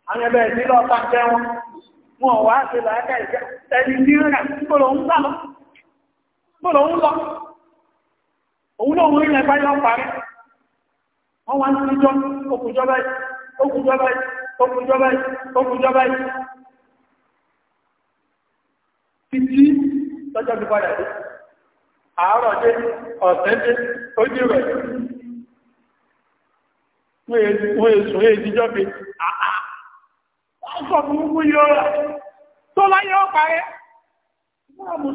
àwọn ẹgbẹ́ ìdí lọ bá jẹ́ wọn wọn wá sí làákà ìjà ẹni tí ń rà gbọ́dọ̀ ń sá lọ gbọ́dọ̀ ń lọ òun lóun rí ẹgbẹ́ yọ parẹ́ wọ́n wá ń síjọ́ okùnjọba okùnjọba okùnjọba okùnjọba títí lọ́jọ́ bí padà dé rẹ̀ wọ́n mú yóò rẹ̀ tó láyé ó lọ́wọ́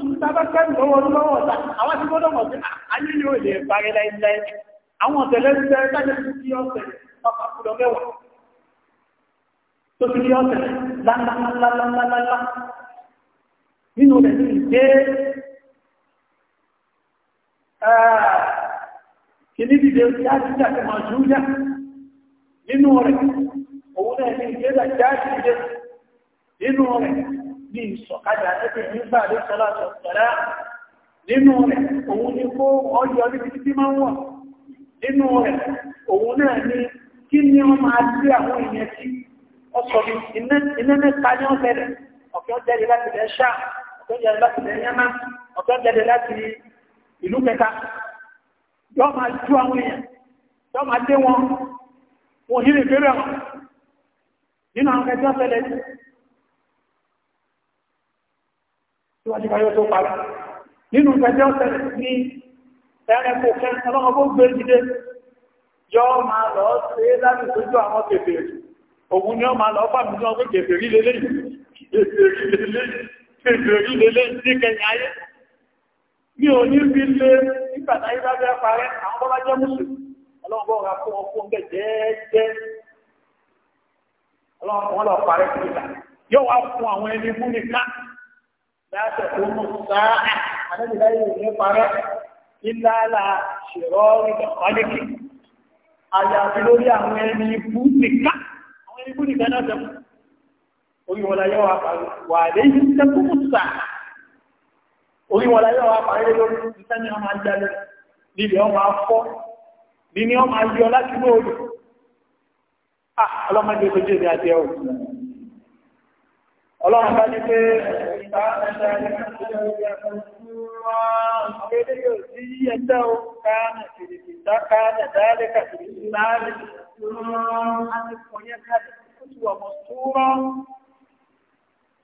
lọ́wọ́ àwọn tí gbọ́dọ̀ mọ̀ sí àyílẹ̀ ò lè parẹ́ láìláì àwọn ọ̀tẹ̀lẹ́ ti bẹ̀rẹ̀ tàbí ti fi ọ̀tẹ̀ pàpà kúrò mẹ́wàá tó fi fi ọ̀tẹ̀ lálálálálálá nínú rẹ̀ ní ìgbé kìí dìde jájíjà ti máa júújá nínú rẹ̀ òun náà ní ìgbé jájíjà nínú rẹ̀ ní ìṣọ̀kájà tẹ́tẹ̀ nígbà lé sọ́lá sọ̀tẹ̀lá nínú rẹ̀ òun nínú rẹ̀ òun náà ní kí ni wọ́n máa gbé àwọn èèyàn tí ọkọ̀ mi iná mẹ́ta ní ọ̀tẹ̀lẹ̀ ọ̀kẹ́ jáde láti ilẹ̀ ṣáà ọ̀kẹ́ jáde láti ilẹ̀ yánmá ọ̀kẹ́ jáde láti ìlú kẹta yọ́ máa ju àwọn èèyàn yọ́ máa dé wọn wọn yìí lè fẹ́rẹ̀ wọn nínú àwọn kẹjọ́ ọ̀tẹ̀lẹ̀ tí wọ́n ti bá yọ tó para nínú kẹjọ́ ọ̀tẹ̀lẹ̀ ní ẹranko kẹ́ ọlọ́run bó gbé jíde yọ máa lọ ṣe láti sójú àwọn kèfèrè òun ni ó máa lọ fàmì ní ọgbẹ́ kèfèrí lélẹ́ kèfèrí lélẹ́ ní kẹyìn ayé ní òní fi lé nígbàtà ìbájẹ́ parẹ́ àwọn bọ́bá jẹ́ mùsùlùmí ọlọ́run bọ́ ra fún ọkùn bẹ́ jẹ́ẹ́jẹ́ ọlọ́run wọn lọ parẹ́ fún ìgbà yóò wá fún àwọn ẹni fún nìkan láti ẹ̀kọ́ mọ̀ sáà àdébìláyé ìrìn parẹ́ ìlàlà ṣèrọ́rì ìdàkọ́lẹ́kì àyàfi lórí àwọn ẹni ibú nìkan àwọn ẹni ibú nìkan náà tẹ́kù orí wọn láyé wà parí wà léyìn tẹ́kù mùsà orí wọn láyé wà parí lórí ìsẹ́ni ọmọ ajáde lílé ọmọ afọ́ níní ọmọ ayọ láti ní odò ọlọ́mọdé tó jẹ́ ìrìn àti ẹ̀wọ̀ ọlọ́run bá ní pé ìta ẹ̀ṣẹ̀ ẹ̀ṣẹ̀ ẹ̀ṣẹ̀ ẹ̀ṣẹ̀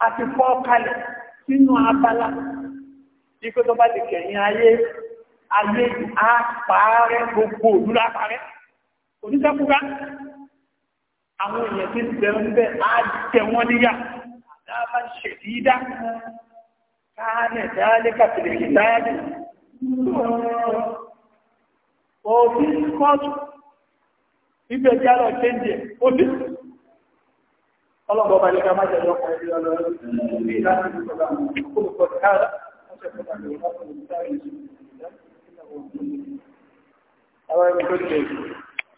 Àti fọ́ kalẹ̀ sínú abala, ikú tó bá ti kẹ̀yìn ayé, ayé àpàárẹ gbogbo òdúrà parẹ́, oníṣẹ́kúrá, àwọn èèyàn tí ń bẹ̀rún bẹ́ àjẹwọ́n níyà, àdábà ṣèdídá káàní ìdálẹ́kà ti ọlọ́rọ̀